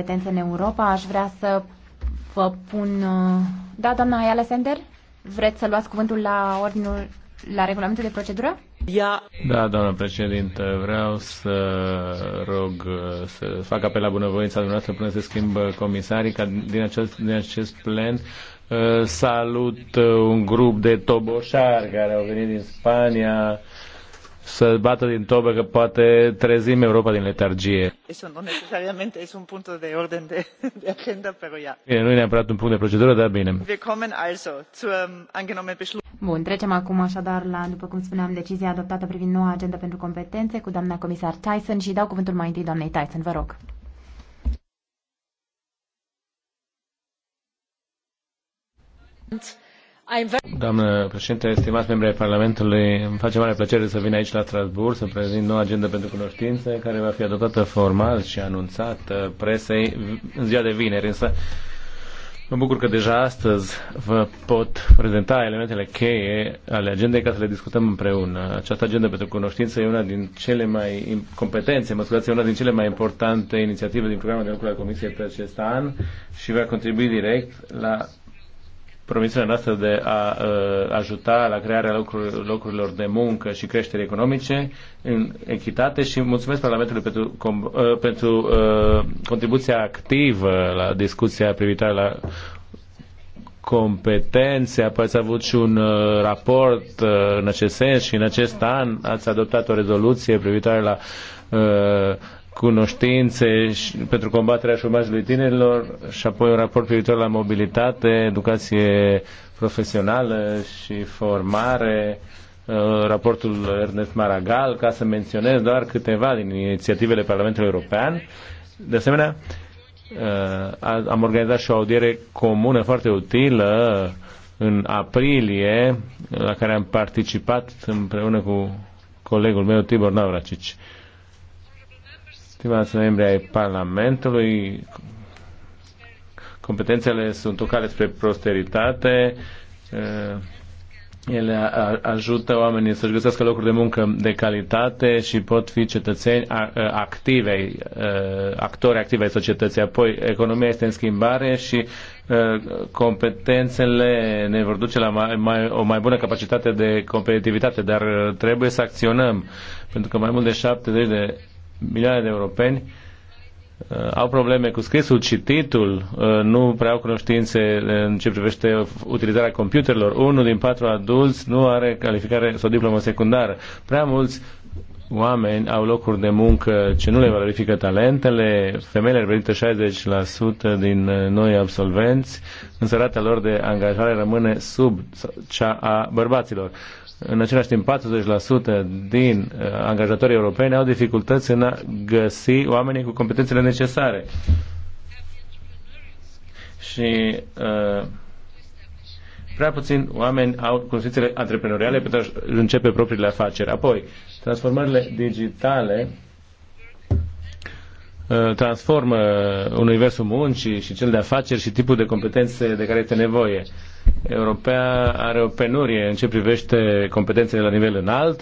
competențe în Europa, aș vrea să vă pun... Uh, da, doamna Ayala Sender? Vreți să luați cuvântul la ordinul, la regulamentul de procedură? Ia. Da, doamna președintă, vreau să rog uh, să fac apel la bunăvoința dumneavoastră până se schimbă comisarii, ca din acest, din acest plen uh, salut un grup de toboșari care au venit din Spania, să bată din tobă că poate trezim Europa din letargie. Eso necesariamente es un punto de orden de, de agenda, pero ya. Bine, nu e neapărat un punct de procedură, dar bine. also um, Bun, trecem acum așadar la, după cum spuneam, decizia adoptată privind noua agenda pentru competențe cu doamna comisar Tyson și dau cuvântul mai întâi doamnei Tyson, vă rog. Mulțumesc Doamnă președinte, stimați membri ai Parlamentului, îmi face mare plăcere să vin aici la Strasbourg să prezint noua agenda pentru cunoștință care va fi adoptată formal și anunțată presei în ziua de vineri, însă mă bucur că deja astăzi vă pot prezenta elementele cheie ale agendei ca să le discutăm împreună. Această agenda pentru cunoștință e una din cele mai competențe, mă scuzați, una din cele mai importante inițiative din programul de lucru al Comisiei pe acest an și va contribui direct la promisiunea noastră de a uh, ajuta la crearea locuri, locurilor de muncă și creștere economice în echitate și mulțumesc Parlamentului pentru, com, uh, pentru uh, contribuția activă la discuția privitoare la competențe, apoi ați avut și un uh, raport uh, în acest sens și în acest an ați adoptat o rezoluție privitoare la uh, cunoștințe pentru combaterea șomajului tinerilor și apoi un raport privitor la mobilitate, educație profesională și formare, uh, raportul Ernest Maragall, ca să menționez doar câteva din inițiativele Parlamentului European. De asemenea, uh, am organizat și o audiere comună foarte utilă în aprilie, la care am participat împreună cu colegul meu Tibor Navracici. Stimați membri ai Parlamentului, competențele sunt o cale spre prosperitate, eh, ele ajută oamenii să-și găsească locuri de muncă de calitate și pot fi cetățeni active, eh, actori active ai societății. Apoi, economia este în schimbare și eh, competențele ne vor duce la mai, mai, o mai bună capacitate de competitivitate, dar trebuie să acționăm, pentru că mai mult de 70 de milioane de europeni uh, au probleme cu scrisul, cititul, uh, nu prea au cunoștințe în ce privește utilizarea computerelor. Unul din patru adulți nu are calificare sau diplomă secundară. Prea mulți oameni au locuri de muncă ce nu le valorifică talentele, femeile reprezintă 60% din uh, noi absolvenți, însă rata lor de angajare rămâne sub cea a bărbaților. În același timp, 40% din uh, angajatorii europeni au dificultăți în a găsi oamenii cu competențele necesare. Și uh, prea puțin oameni au cunoștințele antreprenoriale pentru a începe propriile afaceri. Apoi, transformările digitale uh, transformă universul muncii și cel de afaceri și tipul de competențe de care este nevoie. Europea are o penurie în ce privește competențele la nivel înalt.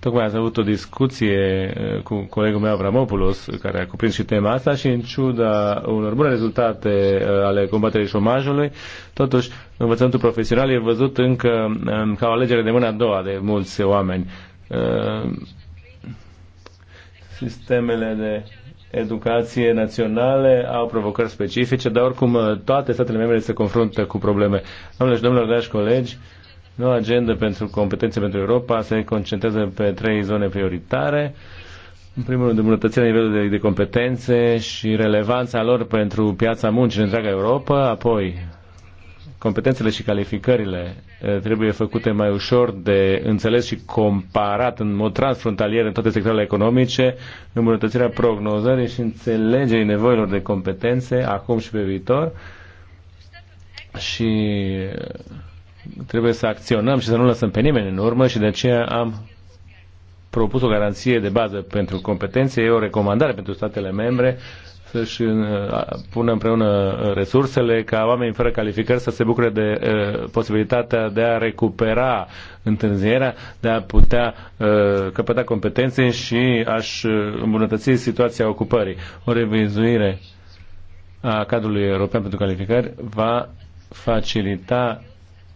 Tocmai ați avut o discuție uh, cu colegul meu Avramopoulos, care a cuprins și tema asta și în ciuda unor bune rezultate uh, ale combaterii șomajului, totuși învățământul profesional e văzut încă um, ca o alegere de mâna a doua de mulți oameni. Uh, sistemele de educație naționale au provocări specifice, dar oricum uh, toate statele membre se confruntă cu probleme. Domnule și domnilor, dragi colegi, noua agendă pentru competențe pentru Europa se concentrează pe trei zone prioritare. În primul rând, îmbunătățirea nivelului de, de competențe și relevanța lor pentru piața muncii în întreaga Europa, apoi competențele și calificările Eh, trebuie făcute mai ușor de înțeles și comparat în mod transfrontalier în toate sectoarele economice, îmbunătățirea prognozării și înțelegerii nevoilor de competențe acum și pe viitor și eh, trebuie să acționăm și să nu lăsăm pe nimeni în urmă și de aceea am propus o garanție de bază pentru competențe, e o recomandare pentru statele membre să-și uh, pună împreună resursele ca oamenii fără calificări să se bucure de uh, posibilitatea de a recupera întârzierea, de a putea uh, căpăta competențe și aș uh, îmbunătăți situația ocupării. O revizuire a cadrului european pentru calificări va facilita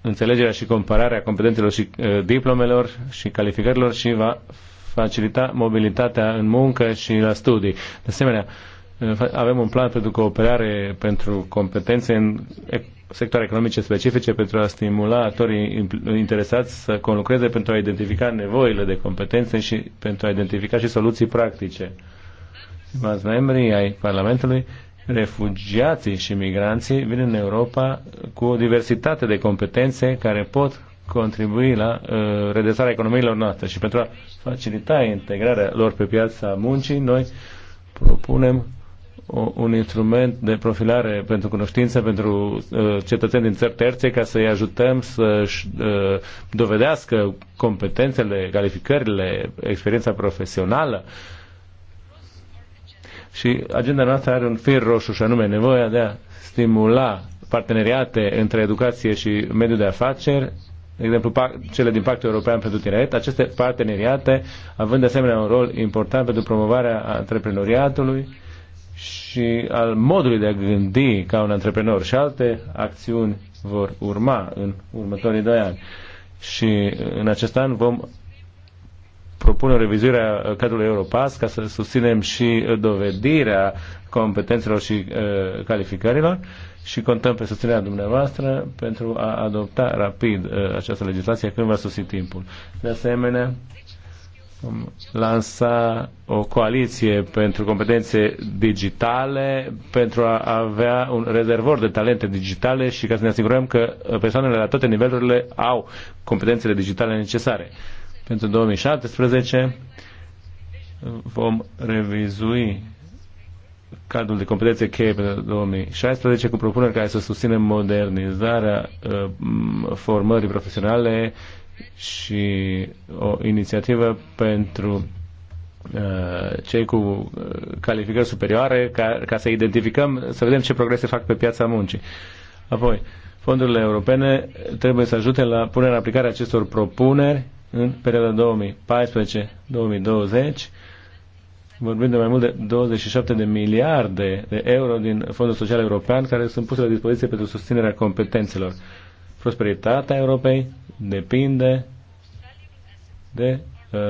înțelegerea și compararea competențelor și uh, diplomelor și calificărilor și va facilita mobilitatea în muncă și la studii. De asemenea, uh, avem un plan pentru cooperare pentru competențe în sectoare economice specifice pentru a stimula actorii interesați să conlucreze pentru a identifica nevoile de competențe și pentru a identifica și soluții practice. Stimați membrii ai Parlamentului, refugiații și migranții vin în Europa cu o diversitate de competențe care pot contribui la uh, redresarea economiilor noastre și pentru a facilita integrarea lor pe piața muncii, noi propunem un instrument de profilare pentru cunoștință pentru uh, cetățeni din țări terțe ca să-i ajutăm să-și uh, dovedească competențele, calificările, experiența profesională. Și agenda noastră are un fir roșu și anume nevoia de a stimula parteneriate între educație și mediul de afaceri, de exemplu cele din Pactul European pentru Tineret, aceste parteneriate având de asemenea un rol important pentru promovarea antreprenoriatului, și al modului de a gândi ca un antreprenor și alte acțiuni vor urma în următorii doi ani. Și în acest an vom propune o revizuire a cadrului Europass ca să susținem și dovedirea competențelor și uh, calificărilor și contăm pe susținerea dumneavoastră pentru a adopta rapid uh, această legislație când va sosi timpul. De asemenea, lansa o coaliție pentru competențe digitale, pentru a avea un rezervor de talente digitale și ca să ne asigurăm că persoanele la toate nivelurile au competențele digitale necesare. Pentru 2017 vom revizui cadrul de competențe cheie pentru 2016 cu propuneri care să susținem modernizarea uh, formării profesionale și o inițiativă pentru uh, cei cu uh, calificări superioare ca, ca să identificăm, să vedem ce progrese fac pe piața muncii. Apoi, fondurile europene trebuie să ajute la punerea în aplicare acestor propuneri în perioada 2014-2020, vorbim de mai mult de 27 de miliarde de euro din Fondul Social European care sunt puse la dispoziție pentru susținerea competențelor prosperitatea Europei depinde de uh,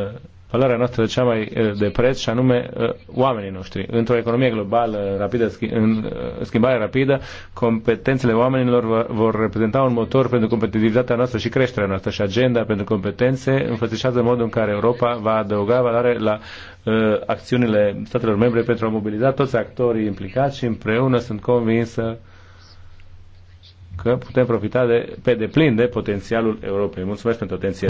valoarea noastră cea mai uh, de preț și anume uh, oamenii noștri. Într-o economie globală rapidă, schi- în uh, schimbare rapidă, competențele oamenilor vor reprezenta un motor pentru competitivitatea noastră și creșterea noastră și agenda pentru competențe înfățișează modul în care Europa va adăuga valoare la uh, acțiunile statelor membre pentru a mobiliza toți actorii implicați și împreună sunt convinsă uh, că putem profita de, pe deplin de potențialul Europei. Mulțumesc pentru atenție.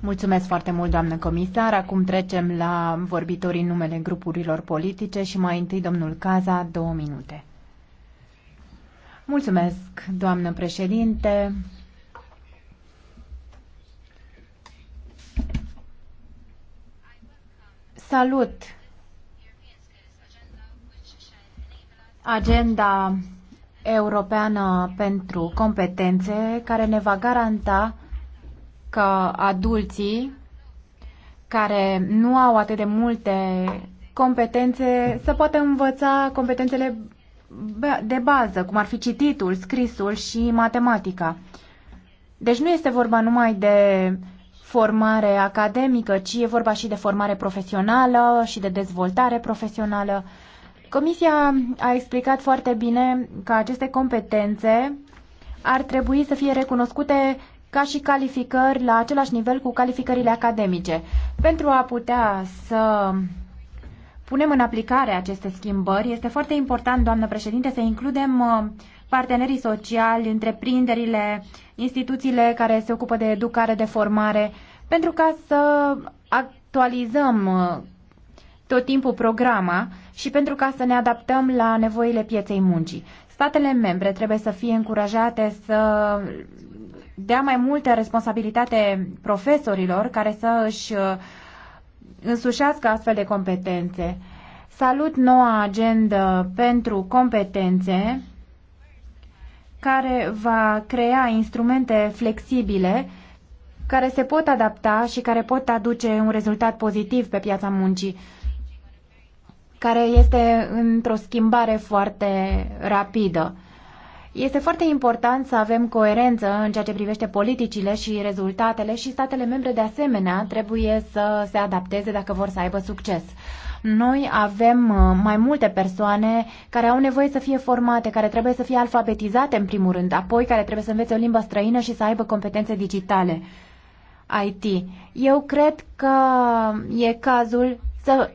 Mulțumesc foarte mult, doamnă comisar. Acum trecem la vorbitorii numele grupurilor politice și mai întâi domnul Caza, două minute. Mulțumesc, doamnă președinte. Salut agenda europeană pentru competențe care ne va garanta că adulții care nu au atât de multe competențe să poată învăța competențele de bază, cum ar fi cititul, scrisul și matematica. Deci nu este vorba numai de formare academică, ci e vorba și de formare profesională și de dezvoltare profesională Comisia a explicat foarte bine că aceste competențe ar trebui să fie recunoscute ca și calificări la același nivel cu calificările academice. Pentru a putea să punem în aplicare aceste schimbări, este foarte important, doamnă președinte, să includem uh, partenerii sociali, întreprinderile, instituțiile care se ocupă de educare, de formare, pentru ca să actualizăm uh, tot timpul programa și pentru ca să ne adaptăm la nevoile pieței muncii. Statele membre trebuie să fie încurajate să dea mai multă responsabilitate profesorilor care să își uh, însușească astfel de competențe. Salut noua agendă pentru competențe care va crea instrumente flexibile care se pot adapta și care pot aduce un rezultat pozitiv pe piața muncii care este într-o schimbare foarte rapidă. Este foarte important să avem coerență în ceea ce privește politicile și rezultatele și statele membre de asemenea trebuie să se adapteze dacă vor să aibă succes. Noi avem uh, mai multe persoane care au nevoie să fie formate, care trebuie să fie alfabetizate în primul rând, apoi care trebuie să învețe o limbă străină și să aibă competențe digitale IT. Eu cred că e cazul să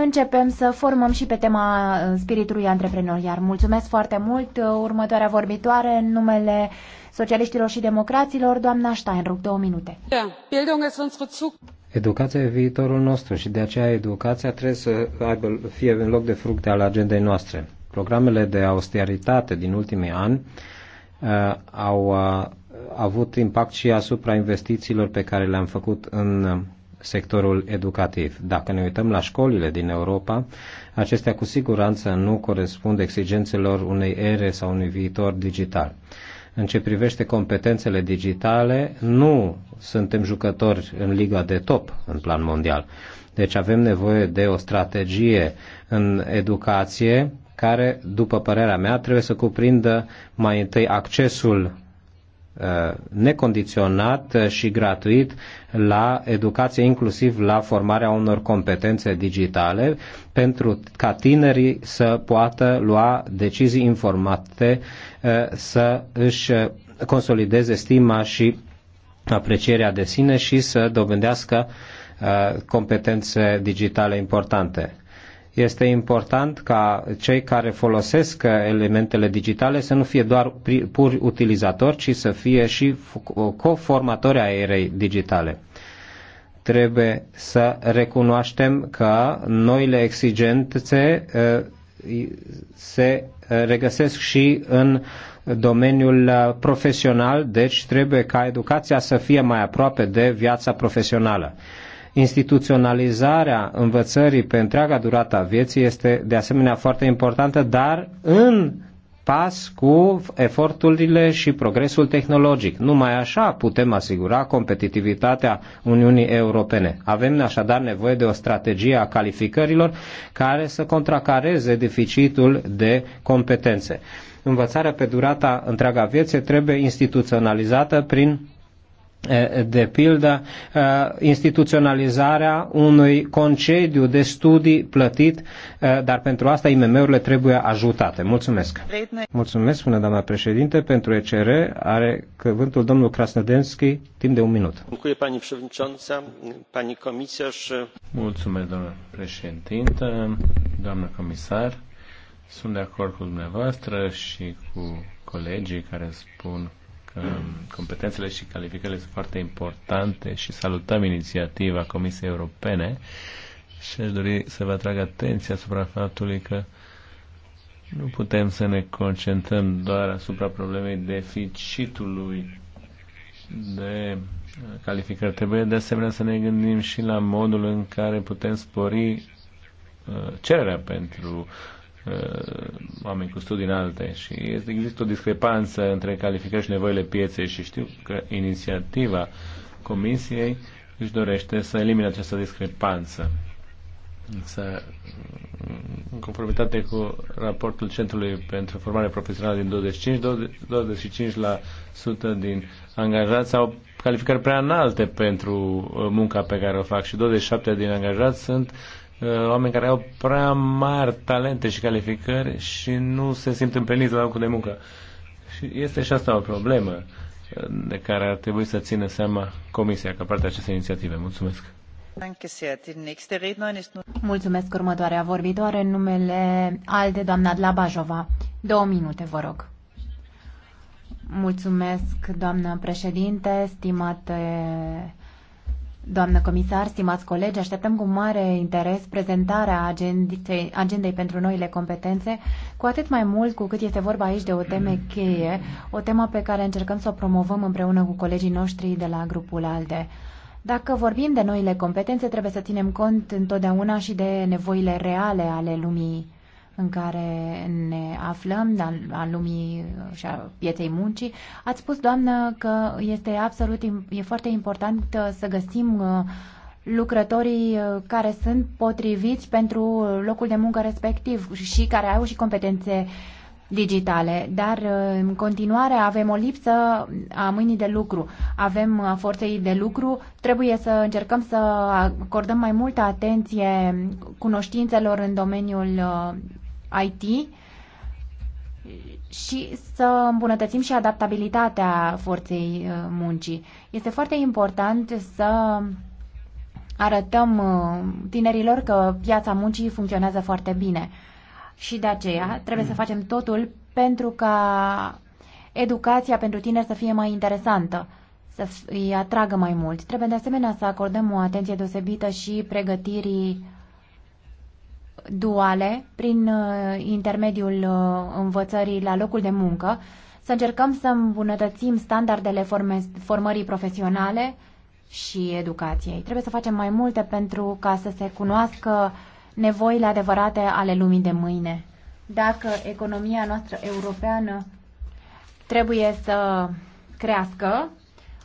începem să formăm și pe tema uh, spiritului iar Mulțumesc foarte mult. Uh, următoarea vorbitoare în numele socialiștilor și democraților, doamna Steinruck, două minute. Da, educația e viitorul nostru și de aceea educația trebuie să aibă, fie în loc de fructe al agendei noastre. Programele de austeritate din ultimii ani uh, au uh, avut impact și asupra investițiilor pe care le-am făcut în uh, sectorul educativ. Dacă ne uităm la școlile din Europa, acestea cu siguranță nu corespund exigențelor unei ere sau unui viitor digital. În ce privește competențele digitale, nu suntem jucători în liga de top în plan mondial. Deci avem nevoie de o strategie în educație care, după părerea mea, trebuie să cuprindă mai întâi accesul Uh, necondiționat și gratuit la educație, inclusiv la formarea unor competențe digitale, pentru ca tinerii să poată lua decizii informate, uh, să își consolideze stima și aprecierea de sine și să dobândească uh, competențe digitale importante. Este important ca cei care folosesc elementele digitale să nu fie doar pur utilizatori, ci să fie și coformatori a erei digitale trebuie să recunoaștem că noile exigențe uh, se uh, regăsesc și în domeniul uh, profesional, deci trebuie ca educația să fie mai aproape de viața profesională. Instituționalizarea învățării pe întreaga durată a vieții este de asemenea foarte importantă, dar în pas cu eforturile și progresul tehnologic. Numai așa putem asigura competitivitatea Uniunii Europene. Avem așadar nevoie de o strategie a calificărilor care să contracareze deficitul de competențe. Învățarea pe durata întreaga vieții trebuie instituționalizată prin de pildă instituționalizarea unui concediu de studii plătit, dar pentru asta IMM-urile trebuie ajutate. Mulțumesc! Mulțumesc, spune doamna președinte, pentru ECR are cuvântul domnul Krasnodenski timp de un minut. Mulțumesc, doamna președinte, doamna comisar. Sunt de acord cu dumneavoastră și cu colegii care spun că competențele și calificările sunt foarte importante și salutăm inițiativa Comisiei Europene și aș dori să vă atrag atenția asupra faptului că nu putem să ne concentrăm doar asupra problemei deficitului de calificări. Trebuie de asemenea să ne gândim și la modul în care putem spori uh, cererea pentru Uh, oameni cu studii înalte și există o discrepanță între calificări și nevoile pieței și știu că inițiativa Comisiei își dorește să elimine această discrepanță. Însă, în conformitate cu raportul Centrului pentru Formare Profesională din 25, 25% din angajați au calificări prea înalte pentru uh, munca pe care o fac și 27% din angajați sunt Uh, oameni care au prea mari talente și calificări și nu se simt împliniți la locul de muncă. Și este și asta o problemă uh, de care ar trebui să țină seama Comisia ca parte a acestei inițiative. Mulțumesc! Mulțumesc următoarea vorbitoare în numele ALDE, doamna Dlabajova. Două minute, vă rog. Mulțumesc, doamnă președinte, stimate Doamnă comisar, stimați colegi, așteptăm cu mare interes prezentarea agendei, agendei pentru noile competențe, cu atât mai mult cu cât este vorba aici de o temă cheie, o temă pe care încercăm să o promovăm împreună cu colegii noștri de la grupul ALDE. Dacă vorbim de noile competențe, trebuie să ținem cont întotdeauna și de nevoile reale ale lumii în care ne aflăm, al lumii și a pieței muncii. Ați spus, doamnă, că este absolut, e foarte important uh, să găsim uh, lucrătorii uh, care sunt potriviți pentru locul de muncă respectiv și care au și competențe digitale, dar în continuare avem o lipsă a mâinii de lucru, avem a forței de lucru, trebuie să încercăm să acordăm mai multă atenție cunoștințelor în domeniul IT și să îmbunătățim și adaptabilitatea forței uh, muncii. Este foarte important să arătăm uh, tinerilor că piața muncii funcționează foarte bine și de aceea trebuie să facem totul pentru ca educația pentru tineri să fie mai interesantă, să îi atragă mai mult. Trebuie de asemenea să acordăm o atenție deosebită și pregătirii duale prin uh, intermediul uh, învățării la locul de muncă, să încercăm să îmbunătățim standardele forme, formării profesionale și educației. Trebuie să facem mai multe pentru ca să se cunoască nevoile adevărate ale lumii de mâine. Dacă economia noastră europeană trebuie să crească,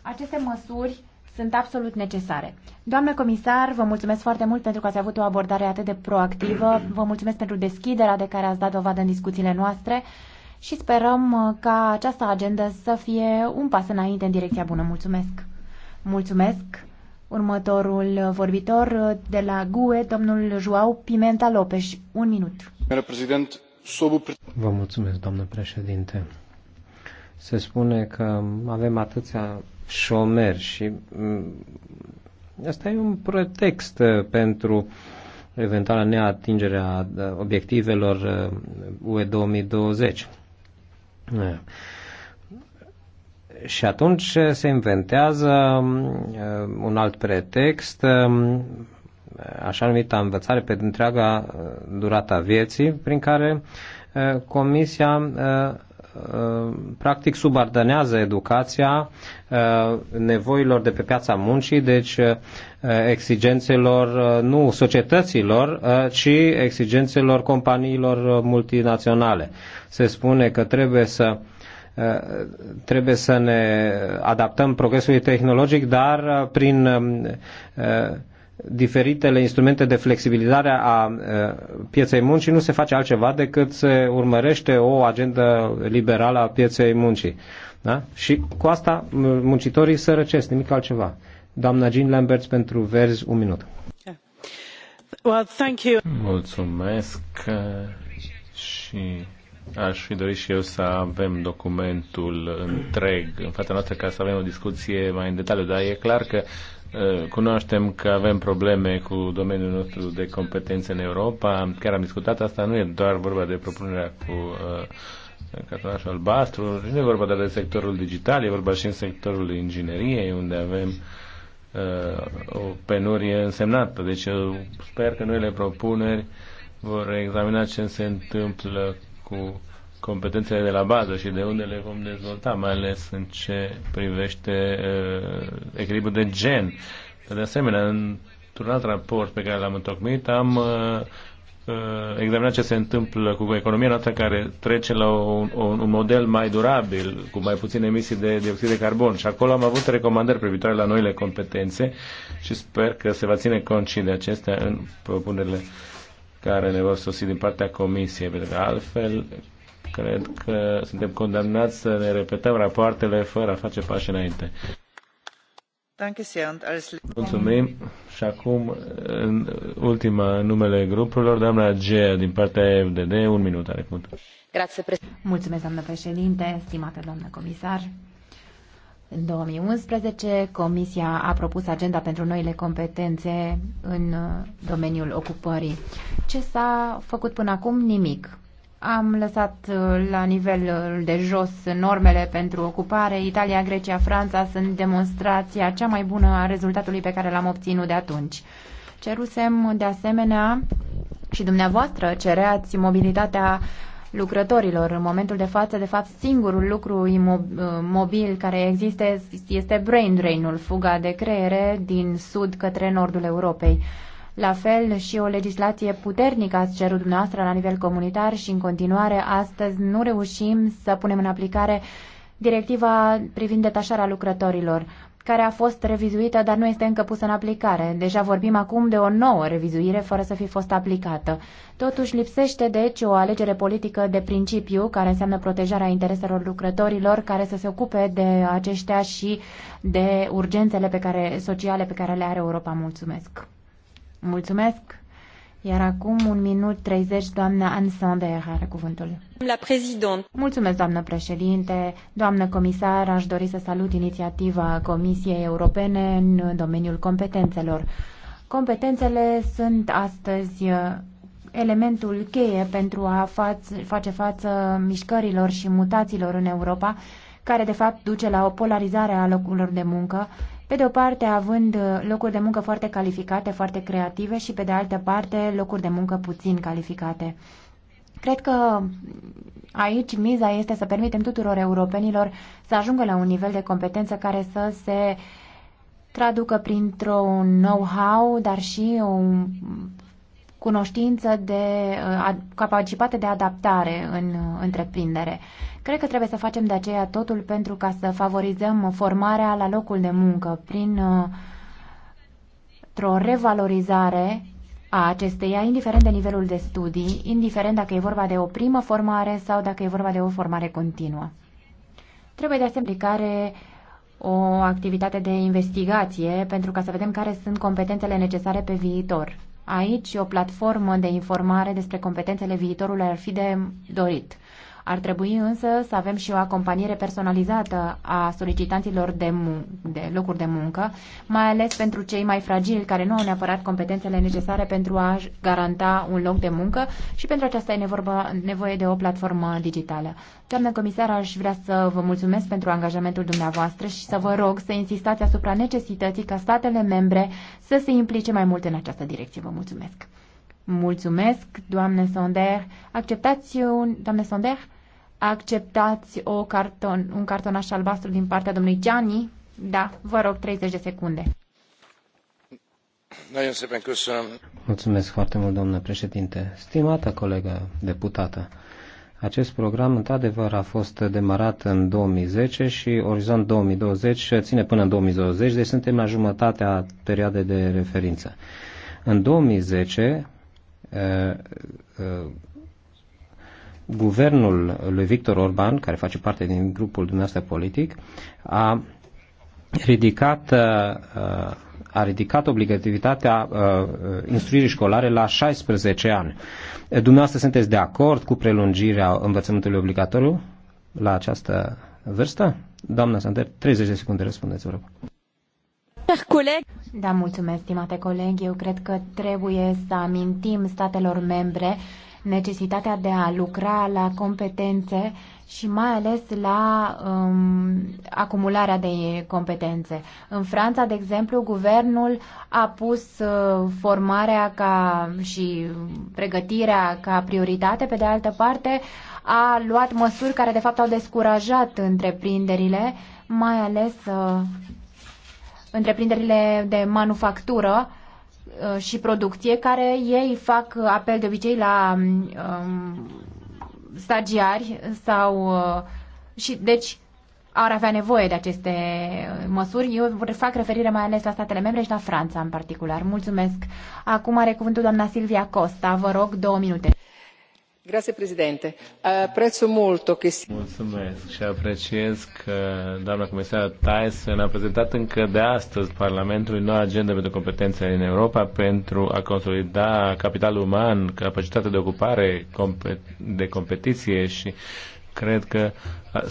aceste măsuri sunt absolut necesare. Doamnă comisar, vă mulțumesc foarte mult pentru că ați avut o abordare atât de proactivă. Vă mulțumesc pentru deschiderea de care ați dat dovadă în discuțiile noastre și sperăm uh, ca această agendă să fie un pas înainte în direcția bună. Mulțumesc! Mulțumesc! Următorul vorbitor uh, de la GUE, domnul Joao Pimenta Lopes. Un minut. Vă mulțumesc, doamnă președinte. Se spune că avem atâția șomeri și Asta e un pretext uh, pentru eventuala neatingerea uh, obiectivelor uh, UE 2020. Și atunci se inventează um, un alt pretext, um, așa numită învățare pe întreaga durata vieții, prin care Comisia Uh, practic subordonează educația uh, nevoilor de pe piața muncii, deci uh, exigențelor nu societăților, ci exigențelor companiilor multinaționale. Se spune că trebuie să trebuie să ne adaptăm progresului tehnologic, dar prin diferitele instrumente de flexibilizare a eh, pieței muncii, nu se face altceva decât se urmărește o agendă liberală a pieței muncii. Da? Și cu asta muncitorii sărăcesc, nimic altceva. Doamna Jean Lambert pentru Verzi, un minut. Well, thank you. Mulțumesc eh, și aș fi dorit și eu să avem documentul întreg în fața noastră ca să avem o discuție mai în detaliu, dar e clar că Eh, cunoaștem că avem probleme cu domeniul nostru de competențe în Europa. Chiar am discutat asta, nu e doar vorba de propunerea cu eh, cartonașul albastru, nu e vorba doar de sectorul digital, e vorba și în sectorul ingineriei, unde avem eh, o penurie însemnată. Deci eu sper că noile propuneri vor examina ce se întâmplă cu uh, competențele de la bază și de unde le vom dezvolta, mai ales în ce privește uh, echilibrul de gen. De asemenea, într-un alt raport pe care l-am întocmit, am uh, uh, examinat ce se întâmplă cu economia noastră care trece la un, un, un model mai durabil, cu mai puține emisii de dioxid de carbon. Și acolo am avut recomandări privitoare la noile competențe și sper că se va ține cont și de acestea în propunerile care ne vor sosi din partea Comisiei, pentru că altfel Cred că suntem condamnați să ne repetăm rapoartele fără a face pași înainte. Mulțumim. Și acum, în ultima, numele grupurilor, doamna Gea, din partea FDD, un minut are cuvântul. Mulțumesc, doamnă președinte, stimată doamnă comisar. În 2011, Comisia a propus agenda pentru noile competențe în uh, domeniul ocupării. Ce s-a făcut până acum? Nimic. Am lăsat uh, la nivelul uh, de jos normele pentru ocupare. Italia, Grecia, Franța sunt demonstrația cea mai bună a rezultatului pe care l-am obținut de atunci. Cerusem de asemenea și dumneavoastră cereați mobilitatea lucrătorilor. În momentul de față, de fapt, singurul lucru uh, mobil care există este brain drain-ul, fuga de creiere din sud către nordul Europei. La fel și o legislație puternică ați cerut dumneavoastră la nivel comunitar și în continuare astăzi nu reușim să punem în aplicare directiva privind detașarea lucrătorilor care a fost revizuită, dar nu este încă pusă în aplicare. Deja vorbim acum de o nouă revizuire fără să fi fost aplicată. Totuși lipsește, deci, o alegere politică de principiu, care înseamnă protejarea intereselor lucrătorilor, care să se ocupe de aceștia și de urgențele pe care, sociale pe care le are Europa. Mulțumesc! Mulțumesc. Iar acum un minut 30, doamna Sander are cuvântul. La prezident. Mulțumesc, doamnă președinte. Doamnă comisar, aș dori să salut inițiativa Comisiei Europene în domeniul competențelor. Competențele sunt astăzi uh, elementul cheie pentru a face față mișcărilor și mutațiilor în Europa, care de fapt duce la o polarizare a locurilor de muncă pe de o parte, având uh, locuri de muncă foarte calificate, foarte creative și, pe de altă parte, locuri de muncă puțin calificate. Cred că aici miza este să permitem tuturor europenilor să ajungă la un nivel de competență care să se traducă printr-un know-how, dar și o cunoștință de uh, capacitate de adaptare în uh, întreprindere. Cred că trebuie să facem de aceea totul pentru ca să favorizăm formarea la locul de muncă prin uh, o revalorizare a acesteia, indiferent de nivelul de studii, indiferent dacă e vorba de o primă formare sau dacă e vorba de o formare continuă. Trebuie de asemenea care o activitate de investigație pentru ca să vedem care sunt competențele necesare pe viitor. Aici o platformă de informare despre competențele viitorului ar fi de dorit. Ar trebui însă să avem și o acompaniere personalizată a solicitanților de, de locuri de muncă, mai ales pentru cei mai fragili care nu au neapărat competențele necesare pentru a garanta un loc de muncă și pentru aceasta e nevorba, nevoie de o platformă digitală. Doamnă comisar, aș vrea să vă mulțumesc pentru angajamentul dumneavoastră și să vă rog să insistați asupra necesității ca statele membre să se implice mai mult în această direcție. Vă mulțumesc! Mulțumesc, doamne Sonder. Acceptați, un, doamne Sonder, acceptați o carton, un cartonaș albastru din partea domnului Gianni? Da, vă rog, 30 de secunde. Mulțumesc foarte mult, domnule președinte. Stimată colegă deputată, acest program, într-adevăr, a fost demarat în 2010 și Orizont 2020 ține până în 2020, deci suntem la jumătatea perioadei de referință. În 2010, guvernul lui Victor Orban, care face parte din grupul dumneavoastră politic, a ridicat, uh, uh, a ridicat obligativitatea uh, instruirii școlare la 16 ani. Dumneavoastră sunteți de acord cu prelungirea învățământului obligatoriu la această vârstă? Doamna Sander, 30 de secunde răspundeți, vă rog. Coleg. Da, mulțumesc, stimate coleg. Eu cred că trebuie să amintim statelor membre necesitatea de a lucra la competențe și mai ales la um, acumularea de competențe. În Franța, de exemplu, guvernul a pus uh, formarea ca și pregătirea ca prioritate, pe de altă parte a luat măsuri care de fapt au descurajat întreprinderile, mai ales uh, întreprinderile de manufactură Uh, și producție, care ei fac apel de obicei la um, stagiari sau uh, și deci ar avea nevoie de aceste măsuri. Eu fac referire mai ales la statele membre și la Franța în particular. Mulțumesc. Acum are cuvântul doamna Silvia Costa. Vă rog, două minute domnule președinte Apprezzo molto che... Mulțumesc și apreciez că doamna comisar Tyson a prezentat încă de astăzi Parlamentului noua agendă pentru competențe în Europa pentru a consolida capitalul uman, capacitatea de ocupare, de competiție și cred că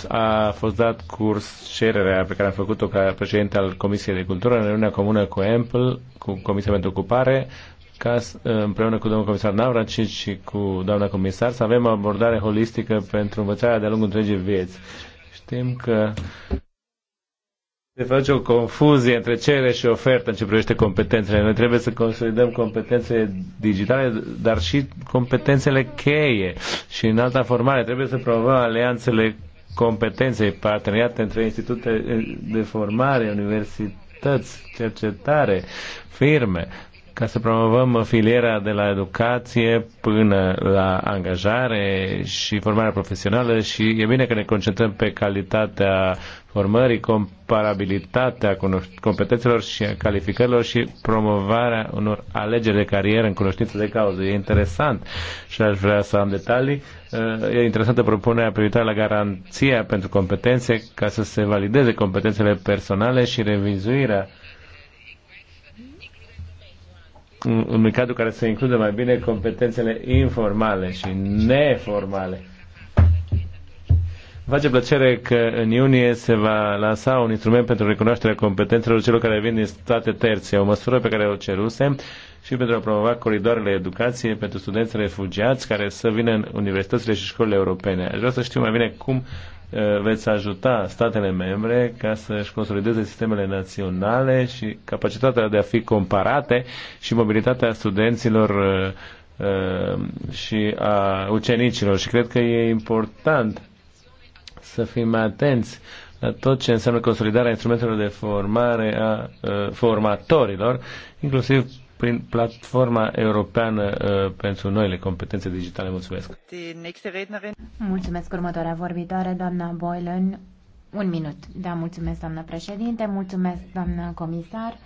a fost dat curs cererea pe care am făcut-o ca președinte al Comisiei de Cultură în reuniunea comună cu EMPL, cu Comisia pentru Ocupare, ca uh, împreună cu domnul comisar Navracic și cu doamna comisar să avem o abordare holistică pentru învățarea de-a lungul întregii vieți. Știm că se face o confuzie între cerere și ofertă în ce privește competențele. Noi trebuie să consolidăm competențele digitale, dar și competențele cheie și în alta formare. Trebuie să promovăm alianțele competenței, parteneriate între institute de formare, universități, cercetare, firme ca să promovăm filiera de la educație până la angajare și formarea profesională și e bine că ne concentrăm pe calitatea formării, comparabilitatea competențelor și a calificărilor și promovarea unor alegeri de carieră în cunoștință de cauză. E interesant și aș vrea să am detalii. E interesantă propunerea privitoare la garanția pentru competențe ca să se valideze competențele personale și revizuirea uh, un mercat care să includă mai bine competențele informale și neformale. Îmi face plăcere că în iunie se va lansa un instrument pentru recunoașterea competențelor celor care vin din state terțe, o măsură pe care o cerusem și pentru a promova coridoarele educației pentru studenți refugiați care să vină în universitățile și școlile europene. Aș vrea să știu mai bine cum Eh, veți ajuta statele membre ca să își consolideze sistemele naționale și capacitatea de a fi comparate și mobilitatea studenților eh, eh, și a ucenicilor. Și cred că e important să fim atenți la tot ce înseamnă consolidarea instrumentelor de formare a formatorilor, inclusiv prin platforma europeană uh, pentru noile competențe digitale. Mulțumesc! Mulțumesc următoarea vorbitoare, doamna Boylan. Un minut. Da, mulțumesc, doamna președinte, mulțumesc, doamna comisar.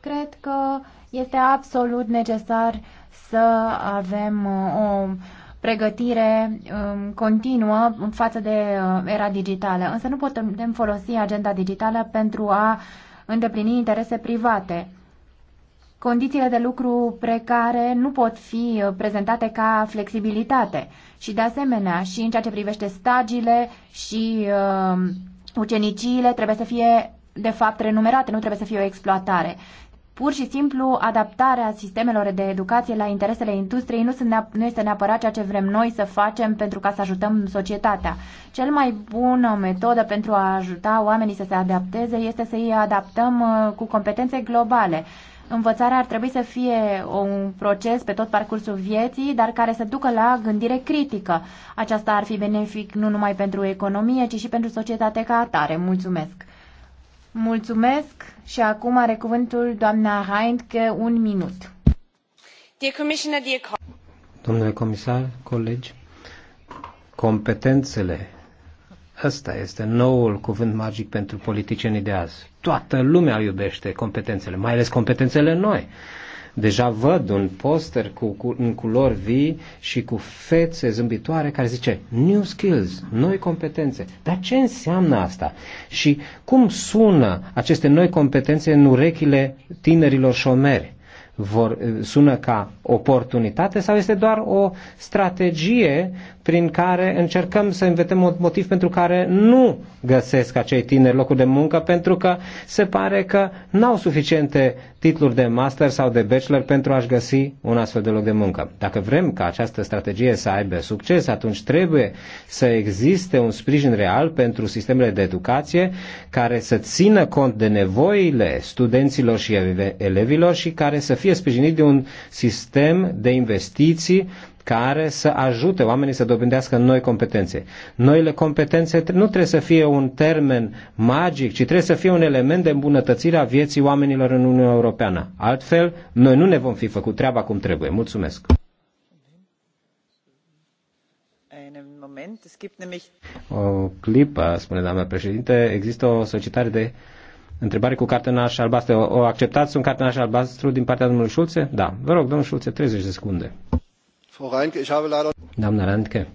Cred că este absolut necesar să avem uh, o pregătire um, continuă în față de uh, era digitală. Însă nu putem folosi agenda digitală pentru a îndeplini interese private. Condițiile de lucru precare nu pot fi uh, prezentate ca flexibilitate și, de asemenea, și în ceea ce privește stagiile și uh, uceniciile trebuie să fie, de fapt, renumerate, nu trebuie să fie o exploatare pur și simplu adaptarea sistemelor de educație la interesele industriei nu, sunt nu este neapărat ceea ce vrem noi să facem pentru ca să ajutăm societatea. Cel mai bună metodă pentru a ajuta oamenii să se adapteze este să îi adaptăm uh, cu competențe globale. Învățarea ar trebui să fie un proces pe tot parcursul vieții, dar care să ducă la gândire critică. Aceasta ar fi benefic nu numai pentru economie, ci și pentru societate ca atare. Mulțumesc! Mulțumesc și acum are cuvântul doamna Reintke un minut. Domnule comisar, colegi, competențele Ăsta este noul cuvânt magic pentru politicienii de azi. Toată lumea iubește competențele, mai ales competențele noi. Deja văd un poster cu, cu, în culori vii și cu fețe zâmbitoare care zice New skills, noi competențe. Dar ce înseamnă asta? Și cum sună aceste noi competențe în urechile tinerilor șomeri? vor, sună ca oportunitate sau este doar o strategie prin care încercăm să învetăm un motiv pentru care nu găsesc acei tineri locuri de muncă, pentru că se pare că n-au suficiente titluri de master sau de bachelor pentru a-și găsi un astfel de loc de muncă. Dacă vrem ca această strategie să aibă succes, atunci trebuie să existe un sprijin real pentru sistemele de educație care să țină cont de nevoile studenților și elevilor și care să fie sprijinit de un sistem de investiții care să ajute oamenii să dobândească noi competențe. Noile competențe nu trebuie să fie un termen magic, ci trebuie să fie un element de îmbunătățire a vieții oamenilor în Uniunea Europeană. Altfel, noi nu ne vom fi făcut treaba cum trebuie. Mulțumesc! O clipă, spune doamna președinte, există o solicitare de întrebare cu cartenaș albastru. O acceptați un cartenaș albastru din partea domnului Șulțe? Da. Vă rog, domnul Șulțe, 30 de secunde. Doamna Randke,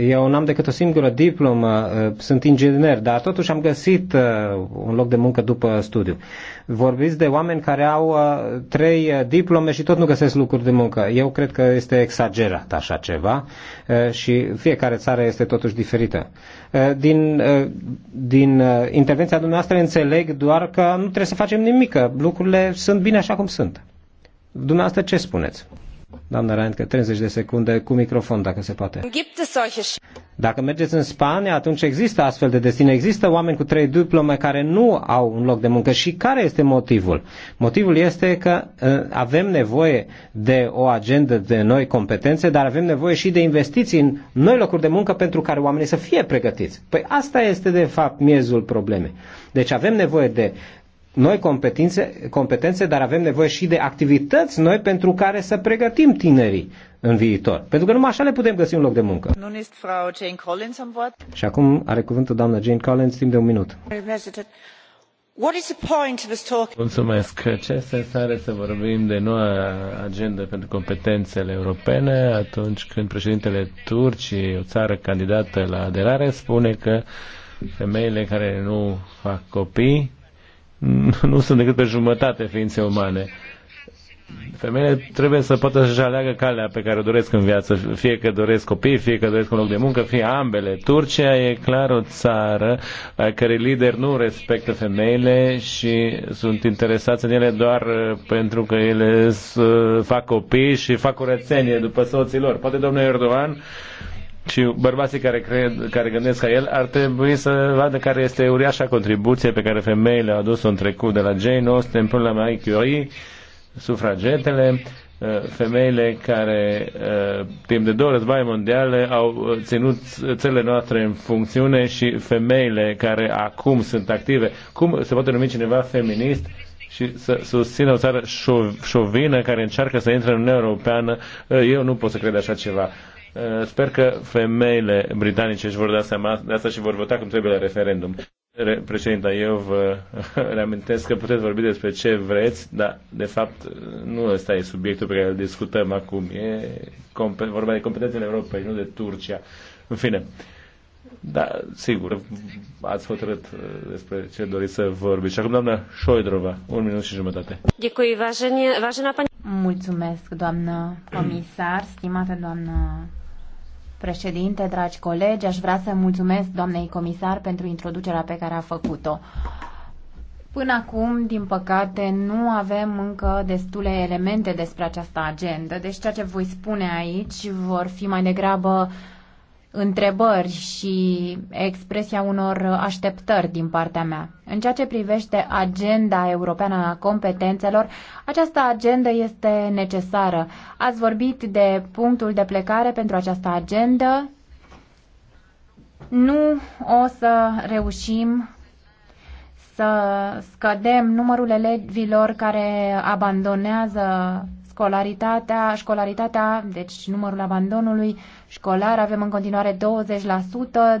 eu n-am decât o singură diplomă, sunt inginer, dar totuși am găsit un loc de muncă după studiu. Vorbiți de oameni care au trei diplome și tot nu găsesc lucruri de muncă. Eu cred că este exagerat așa ceva și fiecare țară este totuși diferită. Din, din intervenția dumneavoastră înțeleg doar că nu trebuie să facem nimic, că lucrurile sunt bine așa cum sunt. Dumneavoastră ce spuneți? Doamna Reintke, 30 de secunde cu microfon, dacă se poate. Dacă mergeți în Spania, atunci există astfel de destine. Există oameni cu trei diplome care nu au un loc de muncă. Și care este motivul? Motivul este că ă, avem nevoie de o agendă de noi competențe, dar avem nevoie și de investiții în noi locuri de muncă pentru care oamenii să fie pregătiți. Păi asta este, de fapt, miezul problemei. Deci avem nevoie de noi competențe, competențe, dar avem nevoie și de activități noi pentru care să pregătim tinerii în viitor. Pentru că numai așa le putem găsi un loc de muncă. Și acum are cuvântul doamna Jane Collins timp de un minut. What is the point of Mulțumesc. Ce sens are să vorbim de noua agendă pentru competențele europene atunci când președintele Turcii, o țară candidată la aderare, spune că femeile care nu fac copii nu sunt decât pe jumătate ființe umane. Femeile trebuie să poată să-și aleagă calea pe care o doresc în viață, fie că doresc copii, fie că doresc un loc de muncă, fie ambele. Turcia e clar o țară a care lideri nu respectă femeile și sunt interesați în ele doar uh, pentru că ele uh, fac copii și fac curățenie după soții lor. Poate domnul Erdogan și bărbații care, cred, care gândesc ca el ar trebui să vadă care este uriașa contribuție pe care femeile au adus-o în trecut, de la Jane Austen până la Marie Curie, sufragetele, eh, femeile care eh, timp de două războaie mondiale au eh, ținut țările noastre în funcțiune și femeile care acum sunt active. Cum se poate numi cineva feminist și să susțină o țară șovină care încearcă să intre în Uniunea Europeană? Eu nu pot să cred așa ceva. Eh, sper că femeile britanice își vor da seama de asta și vor vota cum trebuie la referendum. Președinta, eu vă reamintesc că puteți vorbi despre ce vreți, dar de fapt nu ăsta e subiectul pe care îl discutăm acum. E vorba de competențele Europei, nu de Turcia. În fine, da, sigur, ați hotărât eh, despre ce doriți să vorbiți. Și acum, doamna Șoidrova, un minut și jumătate. Mulțumesc, doamnă comisar, stimată doamnă președinte, dragi colegi, aș vrea să mulțumesc doamnei comisar pentru introducerea pe care a făcut-o. Până acum, din păcate, nu avem încă destule elemente despre această agendă, deci ceea ce voi spune aici vor fi mai degrabă uh, întrebări și expresia unor așteptări din partea mea. În ceea ce privește agenda europeană a competențelor, această agenda este necesară. Ați vorbit de punctul de plecare pentru această agenda. Nu o să reușim să scădem numărul elevilor care abandonează școlaritatea, școlaritatea, deci numărul abandonului școlar, avem în continuare 20%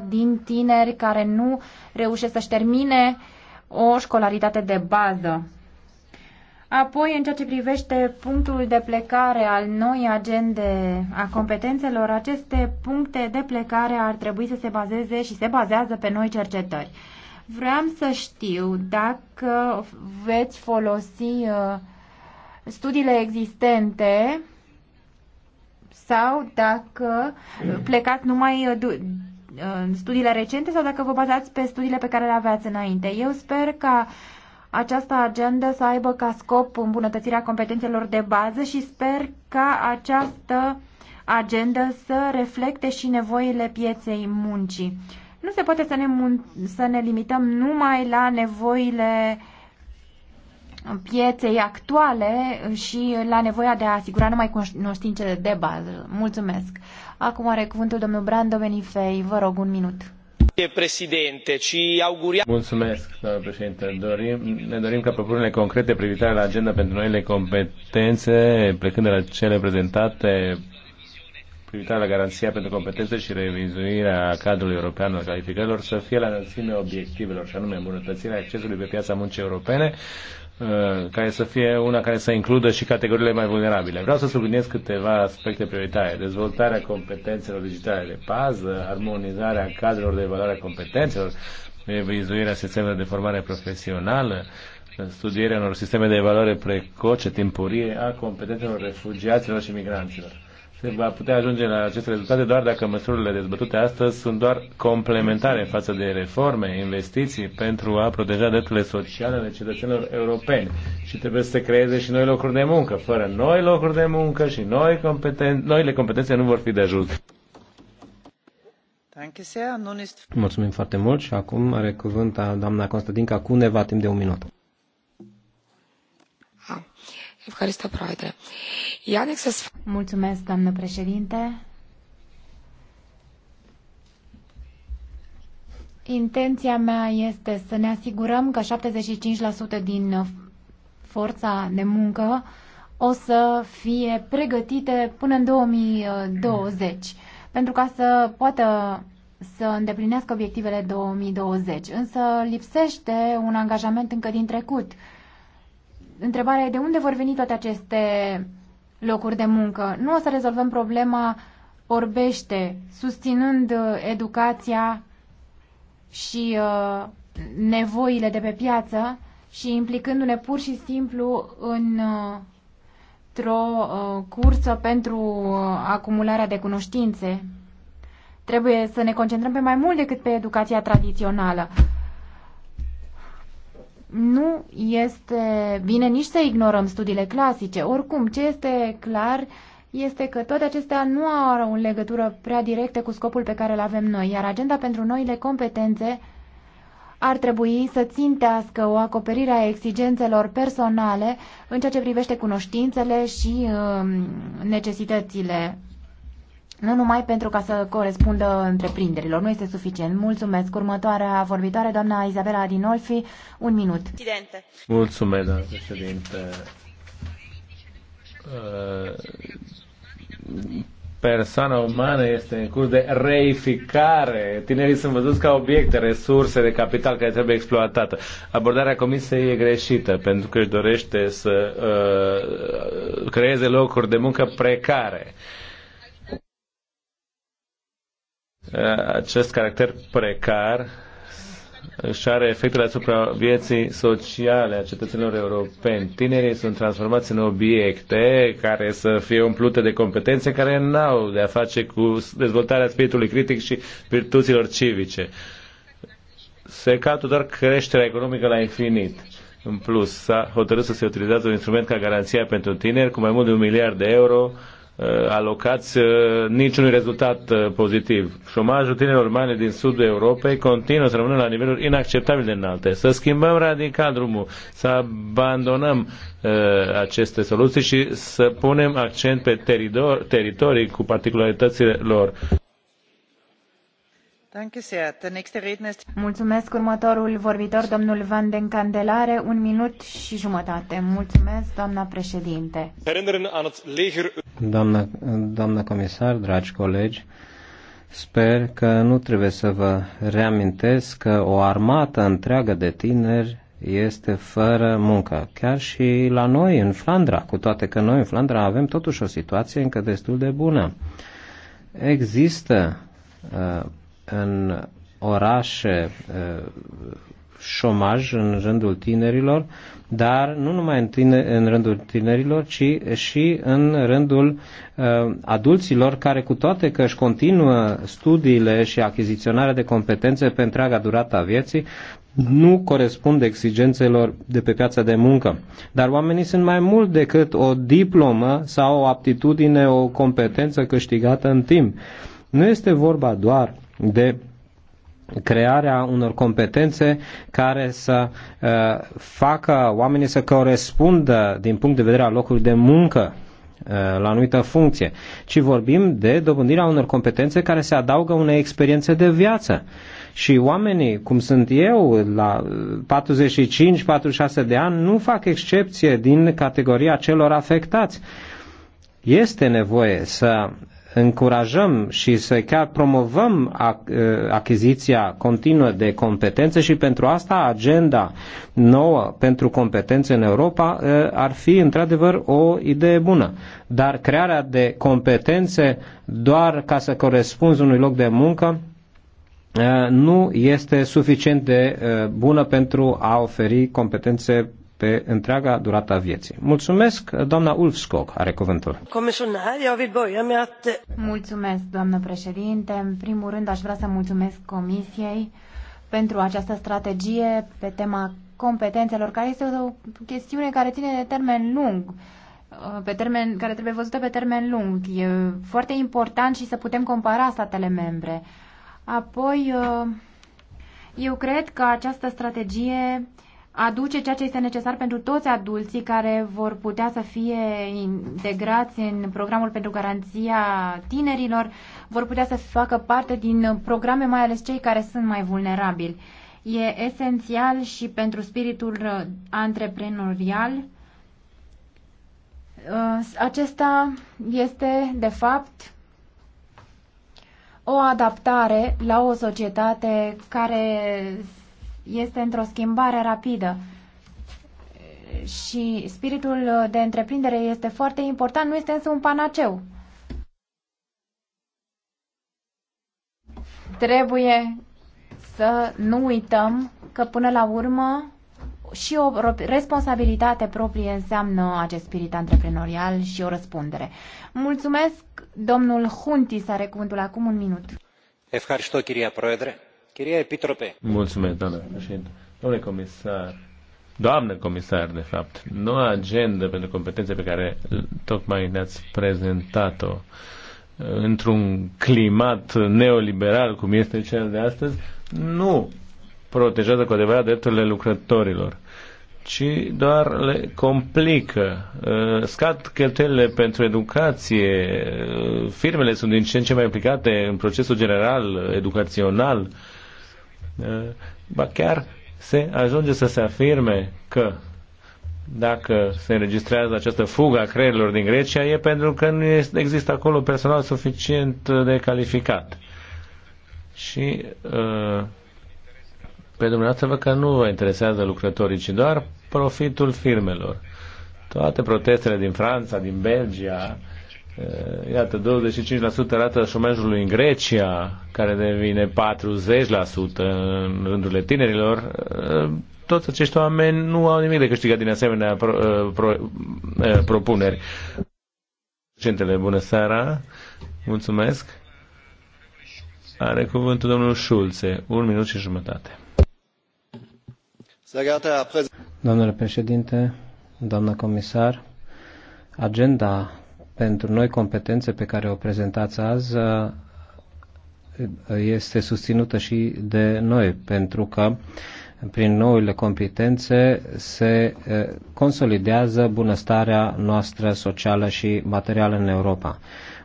din tineri care nu reușesc să-și termine o școlaritate de bază. Apoi, în ceea ce privește punctul de plecare al noi agende a competențelor, aceste puncte de plecare ar trebui să se bazeze și se bazează pe noi cercetări. Vreau să știu dacă veți folosi uh, studiile existente sau dacă plecați numai uh, uh, studiile recente sau dacă vă bazați pe studiile pe care le aveați înainte. Eu sper ca această agendă să aibă ca scop îmbunătățirea competențelor de bază și sper ca această agendă să reflecte și nevoile pieței muncii. Nu se poate să ne, să ne limităm numai la nevoile pieței actuale și la nevoia de a asigura numai cunoștințele de bază. Mulțumesc. Acum are cuvântul domnul Brando Benifei. Vă rog un minut. Președinte, ci auguria... Mulțumesc, doamnă președinte. Dorim, ne dorim ca propunerile concrete privitoare la agenda pentru noile competențe, plecând de la cele prezentate privitoare la garanția pentru competențe și revizuirea cadrului european al calificărilor să fie la înălțime obiectivelor, și anume îmbunătățirea accesului pe piața muncii europene Uh, care să fie una care să includă și categoriile mai vulnerabile. Vreau să subliniez câteva aspecte prioritare. Dezvoltarea competențelor digitale de pază, armonizarea cadrelor de evaluare a competențelor, revizuirea sistemelor de formare profesională, studierea unor sisteme de evaluare precoce, timpurie a competențelor refugiaților și migranților se va putea ajunge la aceste rezultate doar dacă măsurile dezbătute astăzi sunt doar complementare față de reforme, investiții pentru a proteja drepturile sociale ale cetățenilor europeni. Și trebuie să se creeze și noi locuri de muncă. Fără noi locuri de muncă și noi competen- noile competențe nu vor fi de ajuns. Mulțumim foarte mult și acum are cuvânt doamna Constantin va timp de un minut. Mulțumesc, doamnă președinte. Intenția mea este să ne asigurăm că 75% din forța de muncă o să fie pregătite până în 2020, pentru ca să poată să îndeplinească obiectivele 2020. Însă lipsește un angajament încă din trecut întrebarea e de unde vor veni toate aceste locuri de muncă. Nu o să rezolvăm problema orbește, susținând uh, educația și uh, nevoile de pe piață și implicându-ne pur și simplu în uh, într-o uh, cursă pentru uh, acumularea de cunoștințe. Trebuie să ne concentrăm pe mai mult decât pe educația tradițională nu este bine nici să ignorăm studiile clasice. Oricum, ce este clar este că toate acestea nu au o legătură prea directă cu scopul pe care îl avem noi, iar agenda pentru noile competențe ar trebui să țintească o acoperire a exigențelor personale în ceea ce privește cunoștințele și um, necesitățile nu numai pentru ca să corespundă întreprinderilor. Nu este suficient. Mulțumesc. Următoarea vorbitoare, doamna Izabela Adinolfi, un minut. Presidente. Mulțumesc, doamna președinte. Uh, persoana umană este în curs de reificare. Tinerii sunt văzuți ca obiecte, resurse de capital care trebuie exploatată. Abordarea comisiei e greșită pentru că își dorește să uh, creeze locuri de muncă precare. Uh, acest caracter precar își are efectele asupra vieții sociale a cetățenilor europeni. Tinerii sunt transformați în obiecte care să fie umplute de competențe care n-au de a face cu dezvoltarea spiritului critic și virtuților civice. Se caută doar creșterea economică la infinit. În plus, s-a hotărât să se utilizeze un instrument ca garanția pentru tineri cu mai mult de un miliard de euro Uh, alocați uh, niciunui rezultat uh, pozitiv. Șomajul tinerilor mari din sudul Europei continuă să rămână la niveluri inacceptabile de înalte. Să schimbăm radical drumul, să abandonăm uh, aceste soluții și să punem accent pe teridor, teritorii cu particularitățile lor. Mulțumesc următorul vorbitor, domnul Van den Candelare, un minut și jumătate. Mulțumesc, doamna președinte. Doamna, doamna comisar, dragi colegi, sper că nu trebuie să vă reamintesc că o armată întreagă de tineri este fără muncă. Chiar și la noi, în Flandra, cu toate că noi în Flandra avem totuși o situație încă destul de bună. Există uh, în orașe uh, șomaj în rândul tinerilor, dar nu numai în, tine, în rândul tinerilor, ci și în rândul uh, adulților care, cu toate că își continuă studiile și achiziționarea de competențe pe întreaga durată a vieții, nu corespund exigențelor de pe piața de muncă. Dar oamenii sunt mai mult decât o diplomă sau o aptitudine, o competență câștigată în timp. Nu este vorba doar de crearea unor competențe care să uh, facă oamenii să corespundă din punct de vedere al locului de muncă uh, la anumită funcție, ci vorbim de dobândirea unor competențe care se adaugă unei experiențe de viață. Și oamenii, cum sunt eu, la 45-46 de ani, nu fac excepție din categoria celor afectați. Este nevoie să încurajăm și să chiar promovăm ă, achiziția continuă de competențe și pentru asta agenda nouă pentru competențe în Europa ă, ar fi într-adevăr o idee bună. Dar crearea de competențe doar ca să corespunzi unui loc de muncă ă, nu este suficient de bună pentru a oferi competențe pe întreaga durata vieții. Mulțumesc, doamna Ulfskog are cuvântul. Mulțumesc, doamnă președinte. În primul rând aș vrea să mulțumesc Comisiei pentru această strategie pe tema competențelor, care este o chestiune care ține de termen lung uh, pe termen, care trebuie văzută pe termen lung. E foarte important și să putem compara statele membre. Apoi, uh, eu cred că această strategie aduce ceea ce este necesar pentru toți adulții care vor putea să fie integrați în programul pentru garanția tinerilor, vor putea să facă parte din programe, mai ales cei care sunt mai vulnerabili. E esențial și pentru spiritul uh, antreprenorial. Uh, acesta este, de fapt, o adaptare la o societate care este într-o schimbare rapidă și spiritul de întreprindere este foarte important, nu este însă un panaceu. Trebuie să nu uităm că până la urmă și o responsabilitate proprie înseamnă acest spirit antreprenorial și o răspundere. Mulțumesc, domnul să are cuvântul acum un minut. Efhar Stochiria Proedre. Chiria Epitrope. Mulțumesc, doamnă președinte. Domnule comisar, doamnă comisar, de fapt, noua agenda pentru competențe pe care tocmai ne-ați prezentat-o într-un climat neoliberal cum este cel de astăzi, nu protejează cu adevărat drepturile lucrătorilor ci doar le complică. Uh, scad cheltuielile pentru educație, uh, firmele sunt din ce în ce mai implicate în procesul general educațional Eh, ba chiar se ajunge să se afirme că dacă se înregistrează această fugă a creierilor din Grecia, e pentru că nu există acolo personal suficient de calificat. Și eh, pe dumneavoastră vă că nu vă interesează lucrătorii, ci doar profitul firmelor. Toate protestele din Franța, din Belgia, Eh, iată, 25% rata șomajului în Grecia, care devine 40% în rândurile tinerilor. Eh, toți acești oameni nu au nimic de câștigat din asemenea pro, eh, pro, propuneri. Centele, bună seara! Mulțumesc! Are cuvântul domnul Șulțe. Un minut și jumătate. Domnule președinte, doamna comisar, agenda pentru noi competențe pe care o prezentați azi uh, este susținută și de noi, pentru că prin noile competențe se uh, consolidează bunăstarea noastră socială și materială în Europa.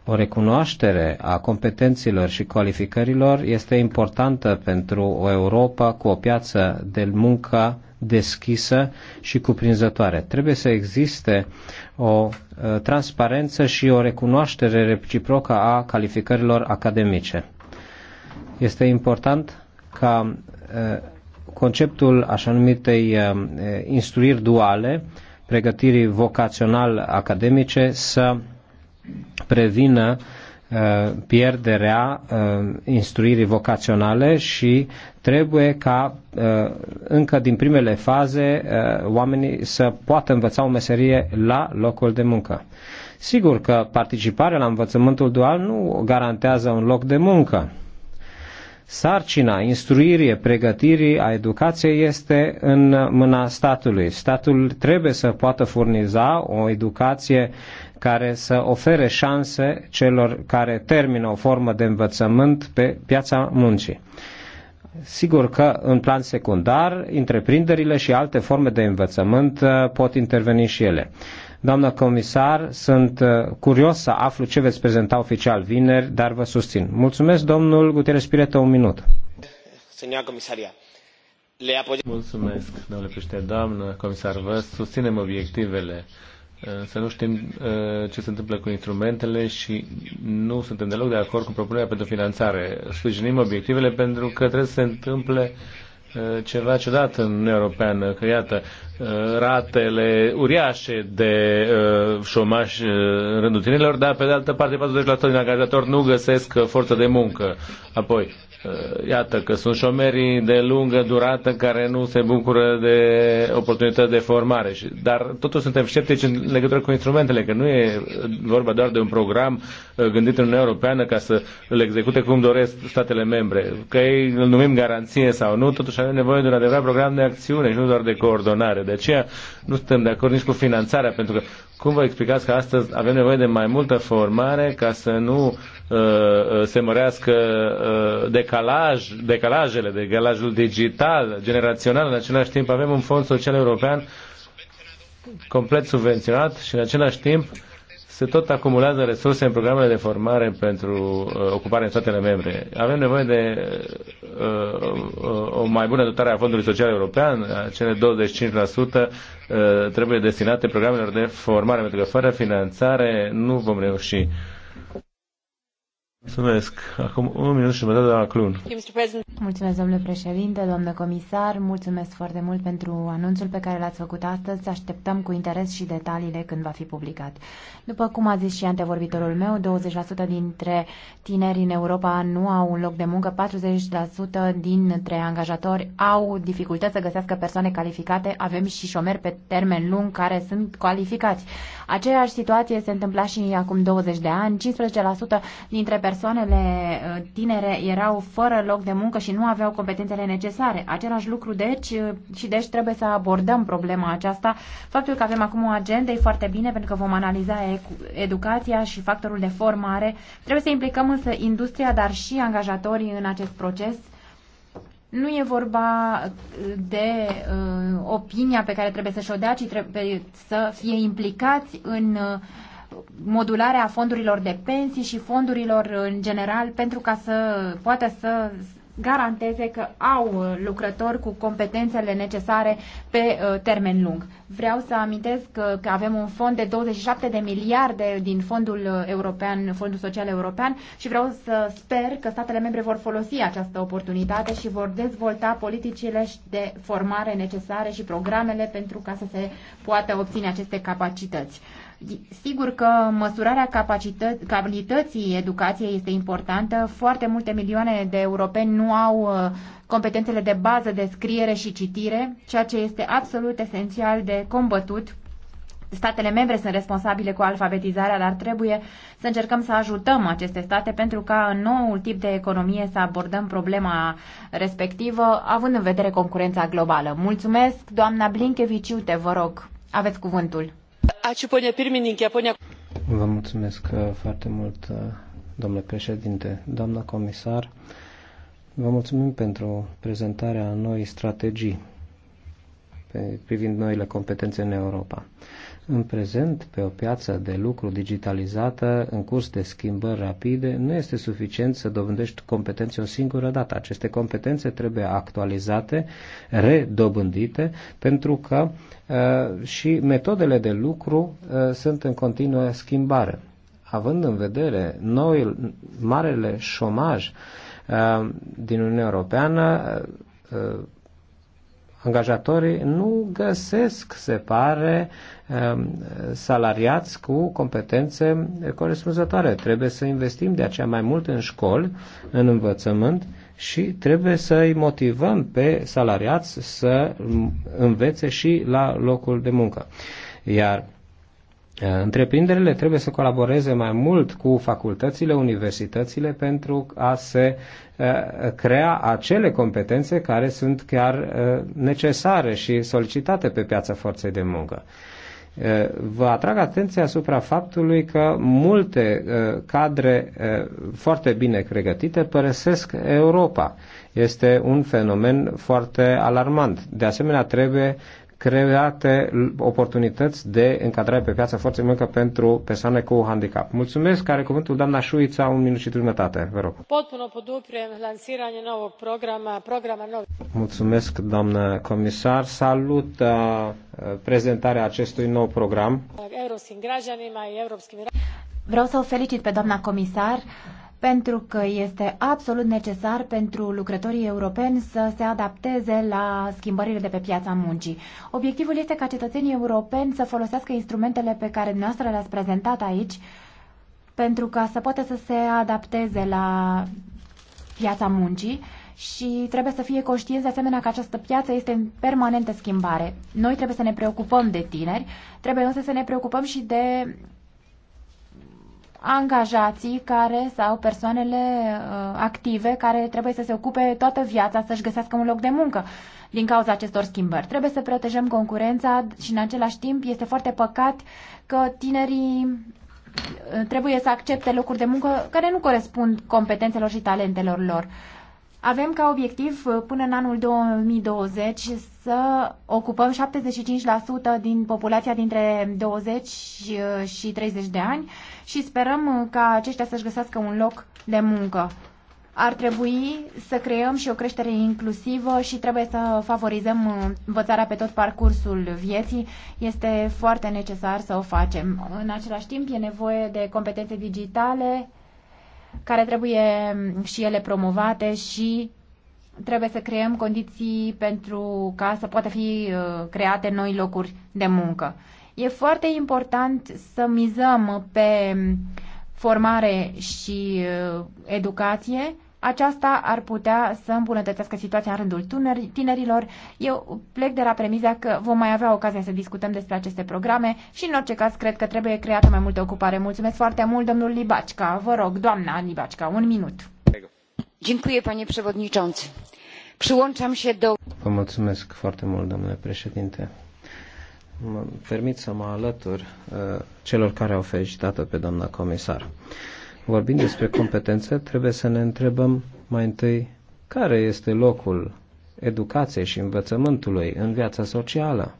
O recunoaștere a competenților și calificărilor este importantă pentru o Europa cu o piață de muncă deschisă și cuprinzătoare. Trebuie să existe o uh, transparență și o recunoaștere reciprocă a calificărilor academice. Este important ca uh, conceptul așa numitei uh, instruiri duale, pregătirii vocațional academice, să prevină uh, Uh, pierderea uh, instruirii vocaționale și trebuie ca uh, încă din primele faze oamenii să poată învăța o meserie la locul de muncă. Sigur că participarea la învățământul dual nu garantează un loc de muncă, sarcina instruirii, pregătirii, a educației este în mâna statului. Statul trebuie să poată furniza o educație care să ofere șanse celor care termină o formă de învățământ pe piața muncii. Sigur că în plan secundar, întreprinderile și alte forme de învățământ uh, pot interveni și ele. Doamna comisar, sunt uh, curios să aflu ce veți prezenta oficial vineri, dar vă susțin. Mulțumesc, domnul Gutierrez Pirete, un minut. Mulțumesc, domnule președinte. Doamnă comisar, vă susținem obiectivele uh, să nu știm uh, ce se întâmplă cu instrumentele și nu suntem deloc de acord cu propunerea pentru finanțare. Sprijinim obiectivele pentru că trebuie să se întâmple Eh, ceva ciudat în Uniunea Europeană, că iată, eh, ratele uriașe de eh, șomași în rândul tinerilor, dar pe de altă parte 40% din angajatori nu găsesc forță de muncă. Apoi, Eh, iată că sunt șomerii de lungă durată care nu se bucură de oportunități de formare. Dar totuși suntem sceptici în legătură cu instrumentele, că nu e vorba doar de un program eh, gândit în Uniunea Europeană ca să îl execute cum doresc statele membre. Că ei îl numim garanție sau nu, totuși avem nevoie de un adevărat program de acțiune și nu doar de coordonare. De aceea nu suntem de acord nici cu finanțarea, pentru că cum vă explicați că astăzi avem nevoie de mai multă formare ca să nu uh, uh, se mărească uh, decalaj, decalajele, decalajul digital, generațional, în același timp avem un fond social european complet subvenționat și în același timp uh, se tot acumulează resurse în programele de formare pentru uh, ocupare în statele membre. Avem nevoie de uh, uh, o mai bună dotare a Fondului Social European, acele 25% uh, trebuie destinate programelor de formare, pentru că fără finanțare nu vom reuși. Mulțumesc. Acum un minut și jumătate la Clun. Mulțumesc, domnule președinte, domnule comisar. Mulțumesc foarte mult pentru anunțul pe care l-ați făcut astăzi. Așteptăm cu interes și detaliile când va fi publicat. După cum a zis și antevorbitorul meu, 20% dintre tineri în Europa nu au un loc de muncă, 40% dintre angajatori au dificultăți să găsească persoane calificate. Avem și șomeri pe termen lung care sunt calificați. Aceeași situație se întâmpla și acum 20 de ani. 15% dintre persoane persoanele ă, tinere erau fără loc de muncă și nu aveau competențele necesare. Același lucru, deci, ă, și deci trebuie să abordăm problema aceasta. Faptul că avem acum o agenda e foarte bine pentru că vom analiza educația și factorul de formare. Trebuie să implicăm însă industria, dar și angajatorii în acest proces nu e vorba ă, de uh, opinia pe care trebuie să-și o dea, ci trebuie să fie implicați în uh, modularea fondurilor de pensii și fondurilor în general pentru ca să poată să garanteze că au uh, lucrători cu competențele necesare pe uh, termen lung. Vreau să amintesc că, uh, că avem un fond de 27 de miliarde din fondul european, fondul social european și vreau să sper că statele membre vor folosi această oportunitate și vor dezvolta politicile de formare necesare și programele pentru ca să se poată obține aceste capacități. Sigur că măsurarea calității educației este importantă. Foarte multe milioane de europeni nu au uh, competențele de bază de scriere și citire, ceea ce este absolut esențial de combătut statele membre sunt responsabile cu alfabetizarea, dar trebuie să încercăm să ajutăm aceste state pentru ca în noul tip de economie să abordăm problema respectivă, având în vedere concurența globală. Mulțumesc, doamna Blinkeviciute, vă rog. Aveți cuvântul. Vă mulțumesc uh, foarte mult, uh, domnule președinte, doamna comisar. Vă mulțumim pentru prezentarea noii strategii privind noile competențe în Europa. În prezent, pe o piață de lucru digitalizată, în curs de schimbări rapide, nu este suficient să dobândești competențe o singură dată. Aceste competențe trebuie actualizate, redobândite, pentru că uh, și metodele de lucru uh, sunt în continuă schimbare. Având în vedere noi, marele șomaj uh, din Uniunea Europeană, uh, Angajatorii nu găsesc, se pare, um, salariați cu competențe corespunzătoare. Trebuie să investim de aceea mai mult în școli, în învățământ și trebuie să îi motivăm pe salariați să învețe și la locul de muncă. Iar Eh, întreprinderile trebuie să colaboreze mai mult cu facultățile, universitățile pentru a se eh, crea acele competențe care sunt chiar eh, necesare și solicitate pe piața forței de muncă. Vă atrag atenția asupra faptului că multe cadre foarte bine pregătite părăsesc Europa. Este un fenomen foarte alarmant. De asemenea, trebuie create oportunități de încadrare pe piața forței muncă pentru persoane cu handicap. Mulțumesc, care cuvântul doamna Șuița, un minut și jumătate, vă rog. Mulțumesc, doamnă comisar. Salut uh, prezentarea acestui nou program. Vreau să o felicit pe doamna comisar pentru că este absolut necesar pentru lucrătorii europeni să se adapteze la schimbările de pe piața muncii. Obiectivul este ca cetățenii europeni să folosească instrumentele pe care dumneavoastră le-ați prezentat aici pentru ca să poată să se adapteze la piața muncii și trebuie să fie conștienți de asemenea că această piață este în permanentă schimbare. Noi trebuie să ne preocupăm de tineri, trebuie însă să ne preocupăm și de angajații care sau persoanele uh, active care trebuie să se ocupe toată viața să-și găsească un loc de muncă din cauza acestor schimbări. Trebuie să protejăm concurența și în același timp este foarte păcat că tinerii uh, trebuie să accepte locuri de muncă care nu corespund competențelor și talentelor lor. Avem ca obiectiv uh, până în anul 2020 să ocupăm 75% din populația dintre 20 uh, și 30 de ani și sperăm uh, ca aceștia să-și găsească un loc de muncă. Ar trebui să creăm și o creștere inclusivă și trebuie să favorizăm învățarea pe tot parcursul vieții. Este foarte necesar să o facem. În același timp e nevoie de competențe digitale, care trebuie și ele promovate și trebuie să creăm condiții pentru ca să poată fi uh, create noi locuri de muncă. E foarte important să mizăm pe formare și uh, educație aceasta ar putea să îmbunătățească situația în rândul tinerilor. Eu plec de la premiza că vom mai avea ocazia să discutăm despre aceste programe și, în orice caz, cred că trebuie creată mai multă ocupare. Mulțumesc foarte mult, domnul Libacica. Vă rog, doamna Libacica, un minut. Dziękuję, panie przewodniczący. Przyłączam się do... Vă mulțumesc foarte mult, domnule președinte. Mă permit să mă alătur uh, celor care au felicitat-o pe doamna comisar. Uh, Vorbind despre competență, trebuie să ne întrebăm mai întâi care este locul educației și învățământului în viața socială.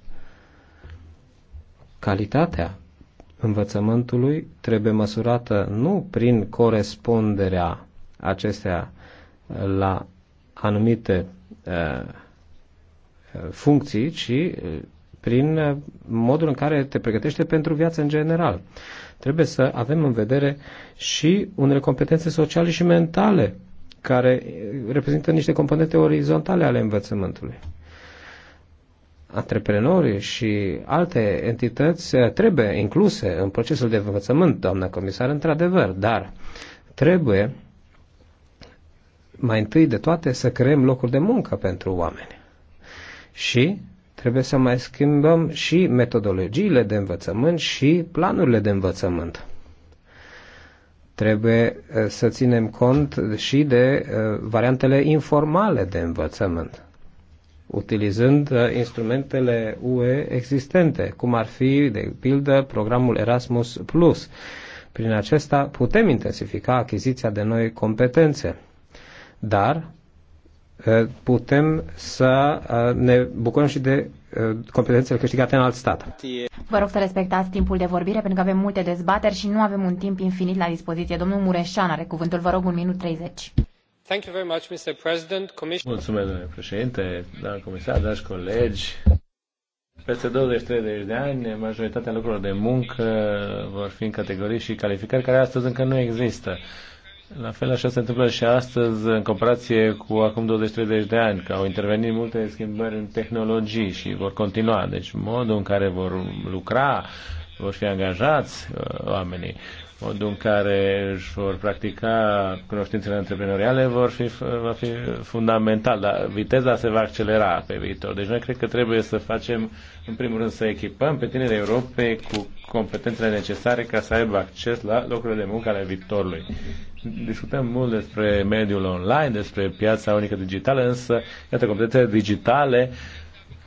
Calitatea învățământului trebuie măsurată nu prin coresponderea acestea la anumite uh, uh funcții, ci uh, prin uh, modul în care te pregătește pentru viață în general. Trebuie să avem în vedere și unele competențe sociale și mentale, care reprezintă niște componente orizontale ale învățământului. Antreprenorii și alte entități eh, trebuie incluse în procesul de învățământ, doamna comisar, într-adevăr, dar trebuie mai întâi de toate să creăm locuri de muncă pentru oameni. Și Trebuie să mai schimbăm și metodologiile de învățământ și planurile de învățământ. Trebuie eh, să ținem cont și de eh, variantele informale de învățământ, utilizând eh, instrumentele UE existente, cum ar fi, de pildă, programul Erasmus+. Prin acesta putem intensifica achiziția de noi competențe, dar Eh, putem să eh, ne bucurăm și de eh, competențele câștigate în alt stat. Vă rog să respectați timpul de vorbire pentru că avem multe dezbateri și nu avem un timp infinit la dispoziție. Domnul Mureșan are cuvântul, vă rog un minut 30. Mulțumesc, domnule președinte, doamnă comisar, dragi colegi. Peste 23 de ani, majoritatea lucrurilor de muncă vor fi în categorii și calificări care astăzi încă nu există. La fel așa se întâmplă și astăzi în comparație cu acum 20-30 de ani, că au intervenit multe schimbări în tehnologii și vor continua. Deci modul în care vor lucra, vor fi angajați uh, oamenii, modul în care își vor practica cunoștințele antreprenoriale vor fi, va fi fundamental, dar viteza se va accelera pe viitor. Deci noi cred că trebuie să facem, în primul rând, să echipăm pe tinerii Europei cu competențele necesare ca să aibă acces la locurile de muncă ale viitorului. Discutăm mult despre mediul online, despre piața unică digitală, însă, iată, competențele digitale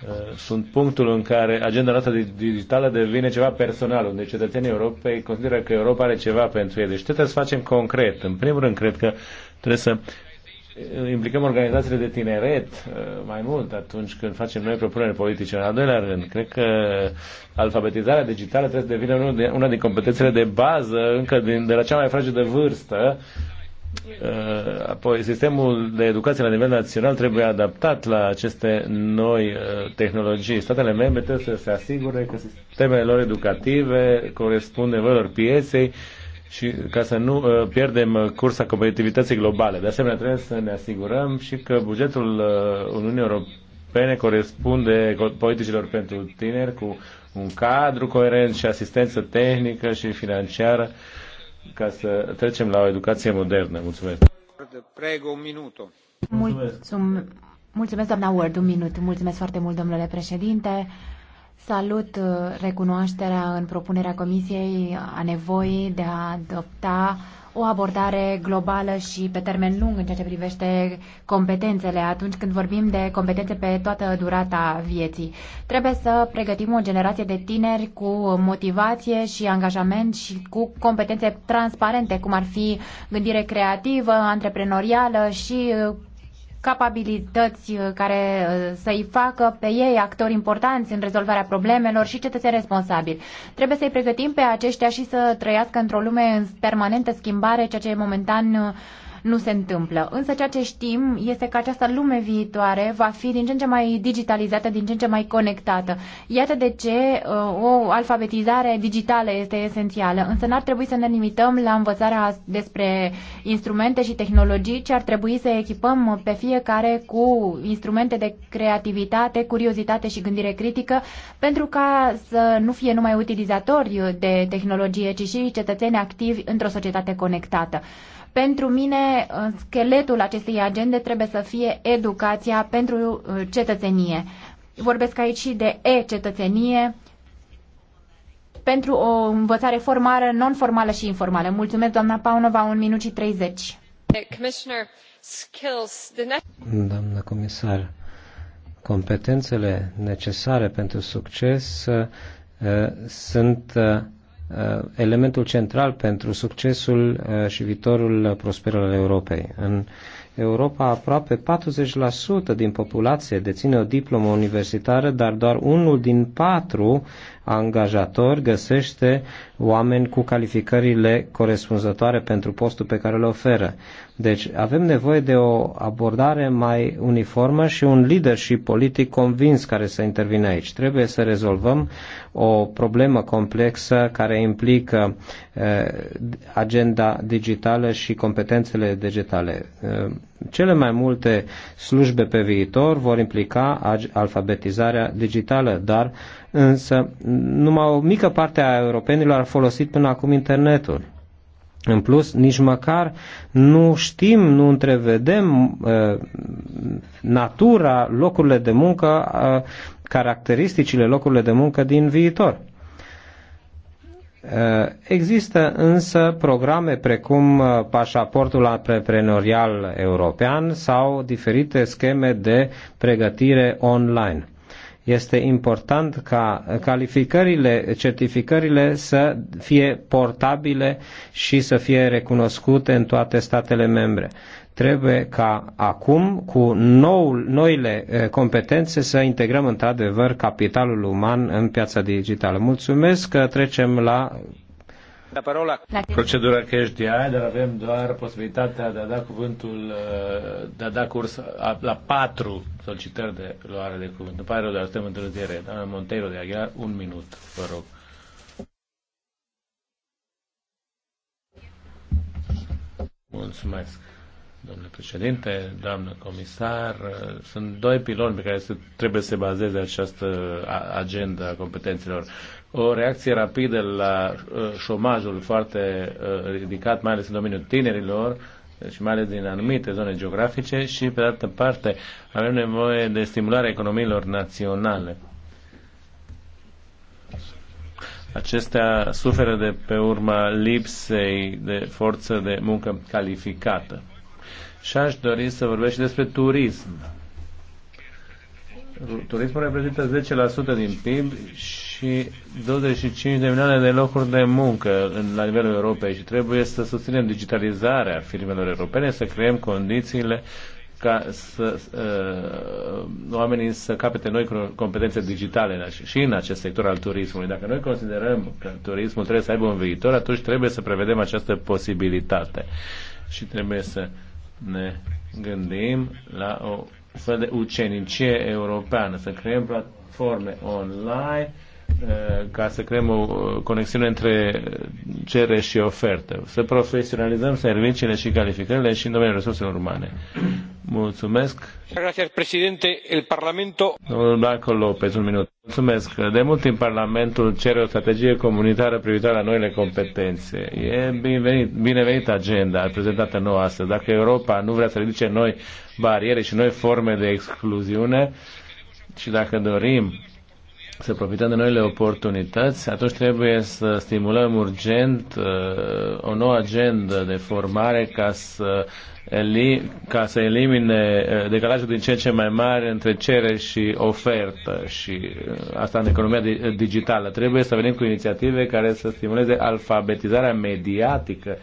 Eh, sunt punctul în care agenda noastră digitală devine ceva personal, unde cetățenii Europei consideră că Europa are ceva pentru ei. Deci trebuie să facem concret. În primul rând, cred că trebuie să eh, implicăm organizațiile de tineret eh, mai mult atunci când facem noi propuneri politice. În al doilea rând, cred că alfabetizarea digitală trebuie să devină una din competențele de bază încă din, de la cea mai fragedă vârstă Uh, apoi, sistemul de educație la nivel național trebuie adaptat la aceste noi uh, tehnologii. Statele membre trebuie să se asigure că sistemele lor educative corespund nevoilor pieței și ca să nu uh, pierdem cursa competitivității globale. De asemenea, trebuie să ne asigurăm și că bugetul Uniunii Europene corespunde politicilor pentru tineri cu un cadru coerent și asistență tehnică și financiară uh, ca să trecem la o educație modernă. Mulțumesc. Prego un minut. Mulțum, mulțumesc, doamna Ward, un minut. Mulțumesc foarte mult, domnule președinte. Salut uh, recunoașterea în propunerea Comisiei a nevoii de a adopta o abordare globală și pe termen lung în ceea ce privește competențele atunci când vorbim de competențe pe toată durata vieții. Trebuie să pregătim o generație de tineri cu motivație și angajament și cu competențe transparente, cum ar fi gândire creativă, antreprenorială și capabilități uh, care uh, să-i facă pe ei actori importanți în rezolvarea problemelor și cetățeni responsabili. Trebuie să-i pregătim pe aceștia și să trăiască într-o lume în permanentă schimbare, ceea ce e momentan uh, nu se întâmplă. Însă ceea ce știm este că această lume viitoare va fi din ce în ce mai digitalizată, din ce în ce mai conectată. Iată de ce uh, o alfabetizare digitală este esențială, însă n-ar trebui să ne limităm la învățarea despre instrumente și tehnologii, ci ar trebui să echipăm pe fiecare cu instrumente de creativitate, curiozitate și gândire critică, pentru ca să nu fie numai utilizatori de tehnologie, ci și cetățeni activi într-o societate conectată. Pentru mine, uh, scheletul acestei agende trebuie să fie educația pentru uh, cetățenie. Vorbesc aici și de e-cetățenie pentru o învățare formală, non-formală și informală. Mulțumesc, doamna Paunova, un minut și 30. Doamna comisar, competențele necesare pentru succes uh, sunt uh, Uh, elementul central pentru succesul uh, și viitorul uh, prosper al Europei. În Europa, aproape 40% din populație deține o diplomă universitară, dar doar unul din patru angajatori găsește oameni cu calificările corespunzătoare pentru postul pe care le oferă. Deci avem nevoie de o abordare mai uniformă și un leadership politic convins care să intervine aici. Trebuie să rezolvăm o problemă complexă care implică eh, agenda digitală și competențele digitale. Eh, cele mai multe slujbe pe viitor vor implica alfabetizarea digitală, dar uh, însă numai o mică parte a europenilor a folosit până acum internetul. În plus, nici măcar nu știm, nu întrevedem uh, natura locurile de muncă, uh, caracteristicile locurilor de muncă din viitor. Uh, există însă programe precum uh, pașaportul antreprenorial european sau diferite scheme de pregătire online. Este important ca calificările, certificările să fie portabile și să fie recunoscute în toate statele membre. Trebuie ca acum, cu noul, noile eh, competențe, să integrăm într-adevăr capitalul uman în piața digitală. Mulțumesc că trecem la Parola. Procedura cash de dar avem doar posibilitatea de a da cuvântul, uh, de a da curs a, la patru solicitări de luare de cuvânt. Îmi pare rău, dar suntem întârziere. Doamna Monteiro de Aguilar, un minut, vă rog. Mulțumesc domnule președinte, doamnă comisar. Sunt doi piloni pe care se, trebuie să se bazeze această agenda a competențelor. O reacție rapidă la uh, șomajul foarte uh, ridicat, mai ales în domeniul tinerilor, și mai ales din anumite zone geografice și, pe de altă parte, avem nevoie de stimularea economiilor naționale. Acestea suferă de pe urma lipsei de forță de muncă calificată. Și aș dori să vorbesc și despre turism. Turismul reprezintă 10% din PIB și 25 de milioane de locuri de muncă la nivelul Europei și trebuie să susținem digitalizarea firmelor europene, să creăm condițiile ca să, uh, oamenii să capete noi competențe digitale și în acest sector al turismului. Dacă noi considerăm că turismul trebuie să aibă un viitor, atunci trebuie să prevedem această posibilitate și trebuie să uh, ne gândim la o fel de ucenicie europeană, să creăm platforme online Uh, ca să creăm o conexiune între cerere și ofertă, să profesionalizăm serviciile și calificările și în domeniul resurselor umane. Mulțumesc. Gracias, președinte. El Parlamento... Domnul Blanco López, un minut. Mulțumesc. De mult timp Parlamentul cere o strategie comunitară privitoare la noile competențe. E binevenit, binevenit agenda prezentată nouă astăzi. Dacă Europa nu vrea să ridice noi bariere și noi forme de excluziune, și dacă dorim să profităm de noile oportunități, atunci trebuie să stimulăm urgent uh, o nouă agendă de formare ca să, eli- ca să elimine uh, decalajul din ce în ce mai mare între cerere și ofertă și uh, asta în economia di- uh, digitală. Trebuie să venim cu inițiative care să stimuleze alfabetizarea mediatică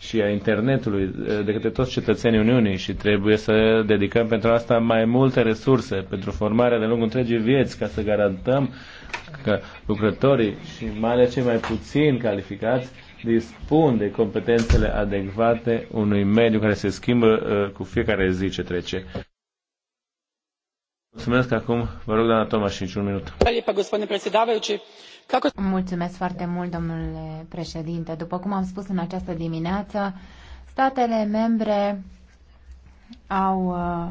și a internetului eh, de către toți cetățenii Uniunii și trebuie să dedicăm pentru asta mai multe resurse pentru formarea de lungul întregii vieți ca să garantăm că lucrătorii și mai ales cei mai puțin calificați dispun de competențele adecvate unui mediu care se schimbă eh, cu fiecare zi ce trece. Mulțumesc acum, vă rog, un minut. Mulțumesc foarte mult, domnule președinte. După cum am spus în această dimineață, statele membre au uh,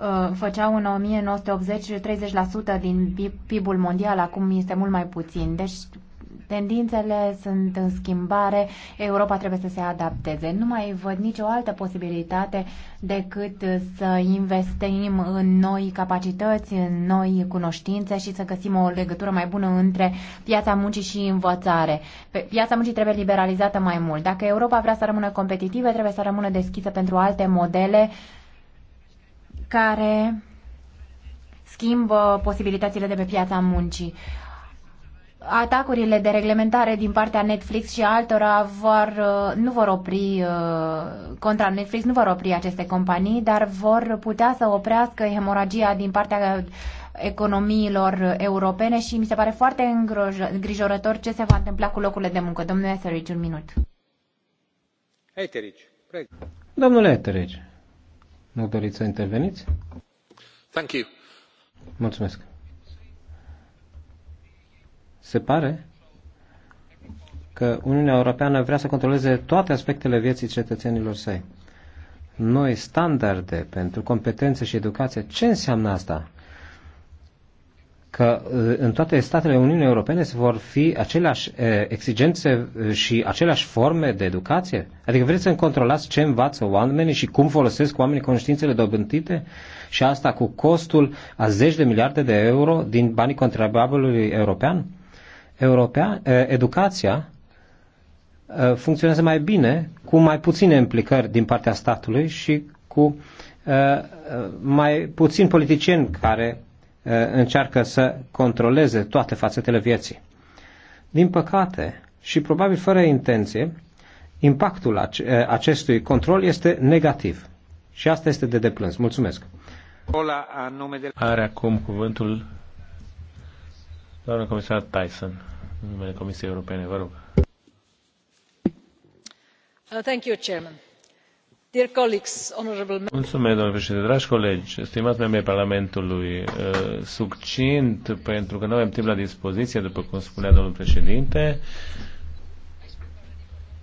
uh, făceau în 1980 30% din PIB-ul mondial, acum este mult mai puțin. Deci Tendințele sunt în schimbare, Europa trebuie să se adapteze. Nu mai văd nicio altă posibilitate decât să investim în noi capacități, în noi cunoștințe și să găsim o legătură mai bună între piața muncii și învățare. Piața muncii trebuie liberalizată mai mult. Dacă Europa vrea să rămână competitivă, trebuie să rămână deschisă pentru alte modele care schimbă posibilitățile de pe piața muncii atacurile de reglementare din partea Netflix și altora vor, uh, nu vor opri, uh, contra Netflix nu vor opri aceste companii, dar vor putea să oprească hemoragia din partea economiilor europene și mi se pare foarte îngrijorător ce se va întâmpla cu locurile de muncă. Domnule Eterici, un minut. Eterici, preg. Domnule Eterici, nu doriți să interveniți? Thank you. Mulțumesc. Se pare că Uniunea Europeană vrea să controleze toate aspectele vieții cetățenilor săi. Noi standarde pentru competențe și educație, ce înseamnă asta? Că uh, în toate statele Uniunii Europene se vor fi aceleași uh, exigențe uh, și aceleași forme de educație? Adică vreți să controlați ce învață oamenii și cum folosesc oamenii conștiințele dobândite? Și asta cu costul a zeci de miliarde de euro din banii contribuabilului european? europea, educația funcționează mai bine cu mai puține implicări din partea statului și cu mai puțin politicieni care încearcă să controleze toate fațetele vieții. Din păcate, și probabil fără intenție, impactul acestui control este negativ. Și asta este de deplâns. Mulțumesc. Are acum cuvântul Doamna comisar Tyson, în numele Comisiei Europene, vă rog. Uh, thank you, Chairman. Dear colleagues, honorable... Mulțumesc, domnule președinte. Dragi colegi, stimați membrii Parlamentului, uh, succint, pentru că nu avem timp la dispoziție, după cum spunea domnul președinte,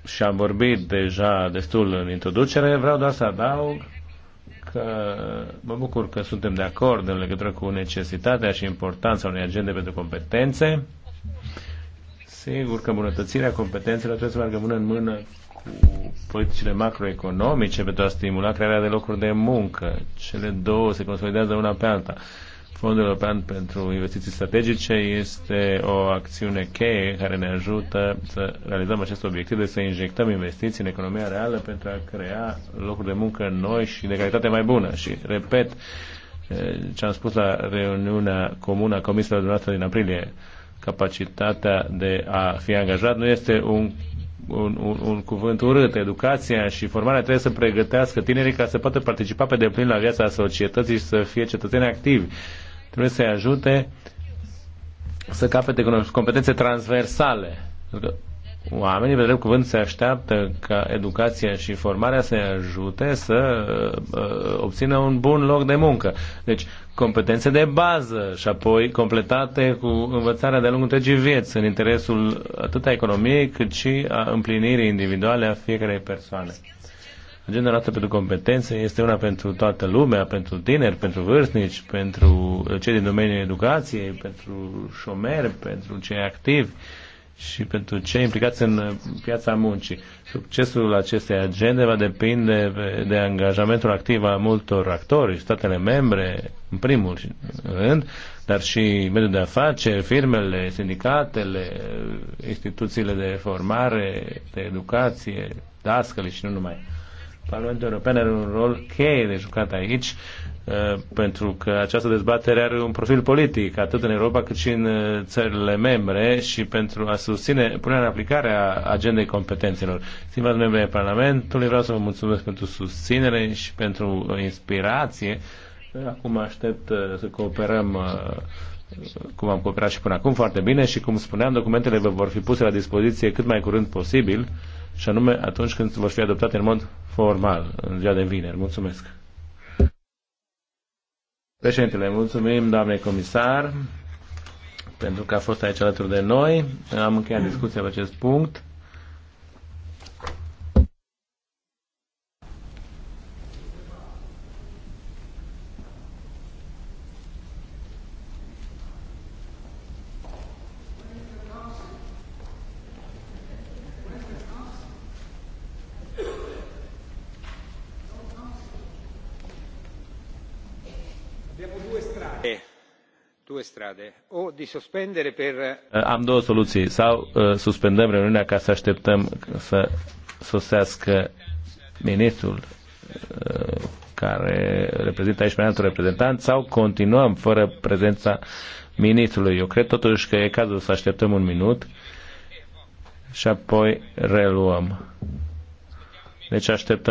și am vorbit deja destul în introducere, vreau doar să adaug că mă bucur că suntem de acord în legătură cu necesitatea și importanța unei agende pentru competențe. Sigur că îmbunătățirea competențelor trebuie să meargă mână în mână cu politicile macroeconomice pentru a stimula crearea de locuri de muncă. Cele două se consolidează una pe alta. Fondul European pentru Investiții Strategice este o acțiune cheie care ne ajută să realizăm acest obiectiv de să injectăm investiții în economia reală pentru a crea locuri de muncă noi și de calitate mai bună. Și, repet, ce am spus la reuniunea comună a Comisiei dumneavoastră din aprilie, capacitatea de a fi angajat nu este un un, un, un cuvânt urât. Educația și formarea trebuie să pregătească tinerii ca să poată participa pe deplin la viața societății și să fie cetățeni activi trebuie să-i ajute să capete competențe transversale. Oamenii, pe drept cuvânt, se așteaptă ca educația și formarea să-i ajute să uh, uh, obțină un bun loc de muncă. Deci, competențe de bază și apoi completate cu învățarea de-a lungul întregii vieți, în interesul atât a economiei cât și a împlinirii individuale a fiecarei persoane generată pentru competențe este una pentru toată lumea, pentru tineri, pentru vârstnici, pentru cei din domeniul educației, pentru șomeri, pentru cei activi și pentru cei implicați în piața muncii. Succesul acestei agende va depinde de angajamentul activ a multor actori, statele membre, în primul rând, dar și mediul de afaceri, firmele, sindicatele, instituțiile de formare, de educație, dascăle și nu numai. Parlamentul European are un rol cheie de jucat aici, uh, pentru că această dezbatere are un profil politic, atât în Europa cât și în uh, țările membre și pentru a susține punerea în aplicare a agendei competențelor. Stimați membri ai Parlamentului, vreau să vă mulțumesc pentru susținere și pentru inspirație. Acum aștept uh, să cooperăm cum am cooperat și până acum foarte bine și cum spuneam, documentele vă vor fi puse la dispoziție cât mai curând posibil și anume atunci când vor fi adoptate în mod formal, în ziua de vineri. Mulțumesc! Președintele, mulțumim, doamne comisar, pentru că a fost aici alături de noi. Am încheiat discuția pe acest punct. Eh, am două soluții. Sau uh, suspendăm reuniunea ca să așteptăm să sosească ministrul uh, care reprezintă aici mai altul reprezentant sau continuăm fără prezența ministrului. Eu cred totuși că e cazul să așteptăm un minut și apoi reluăm. Deci așteptăm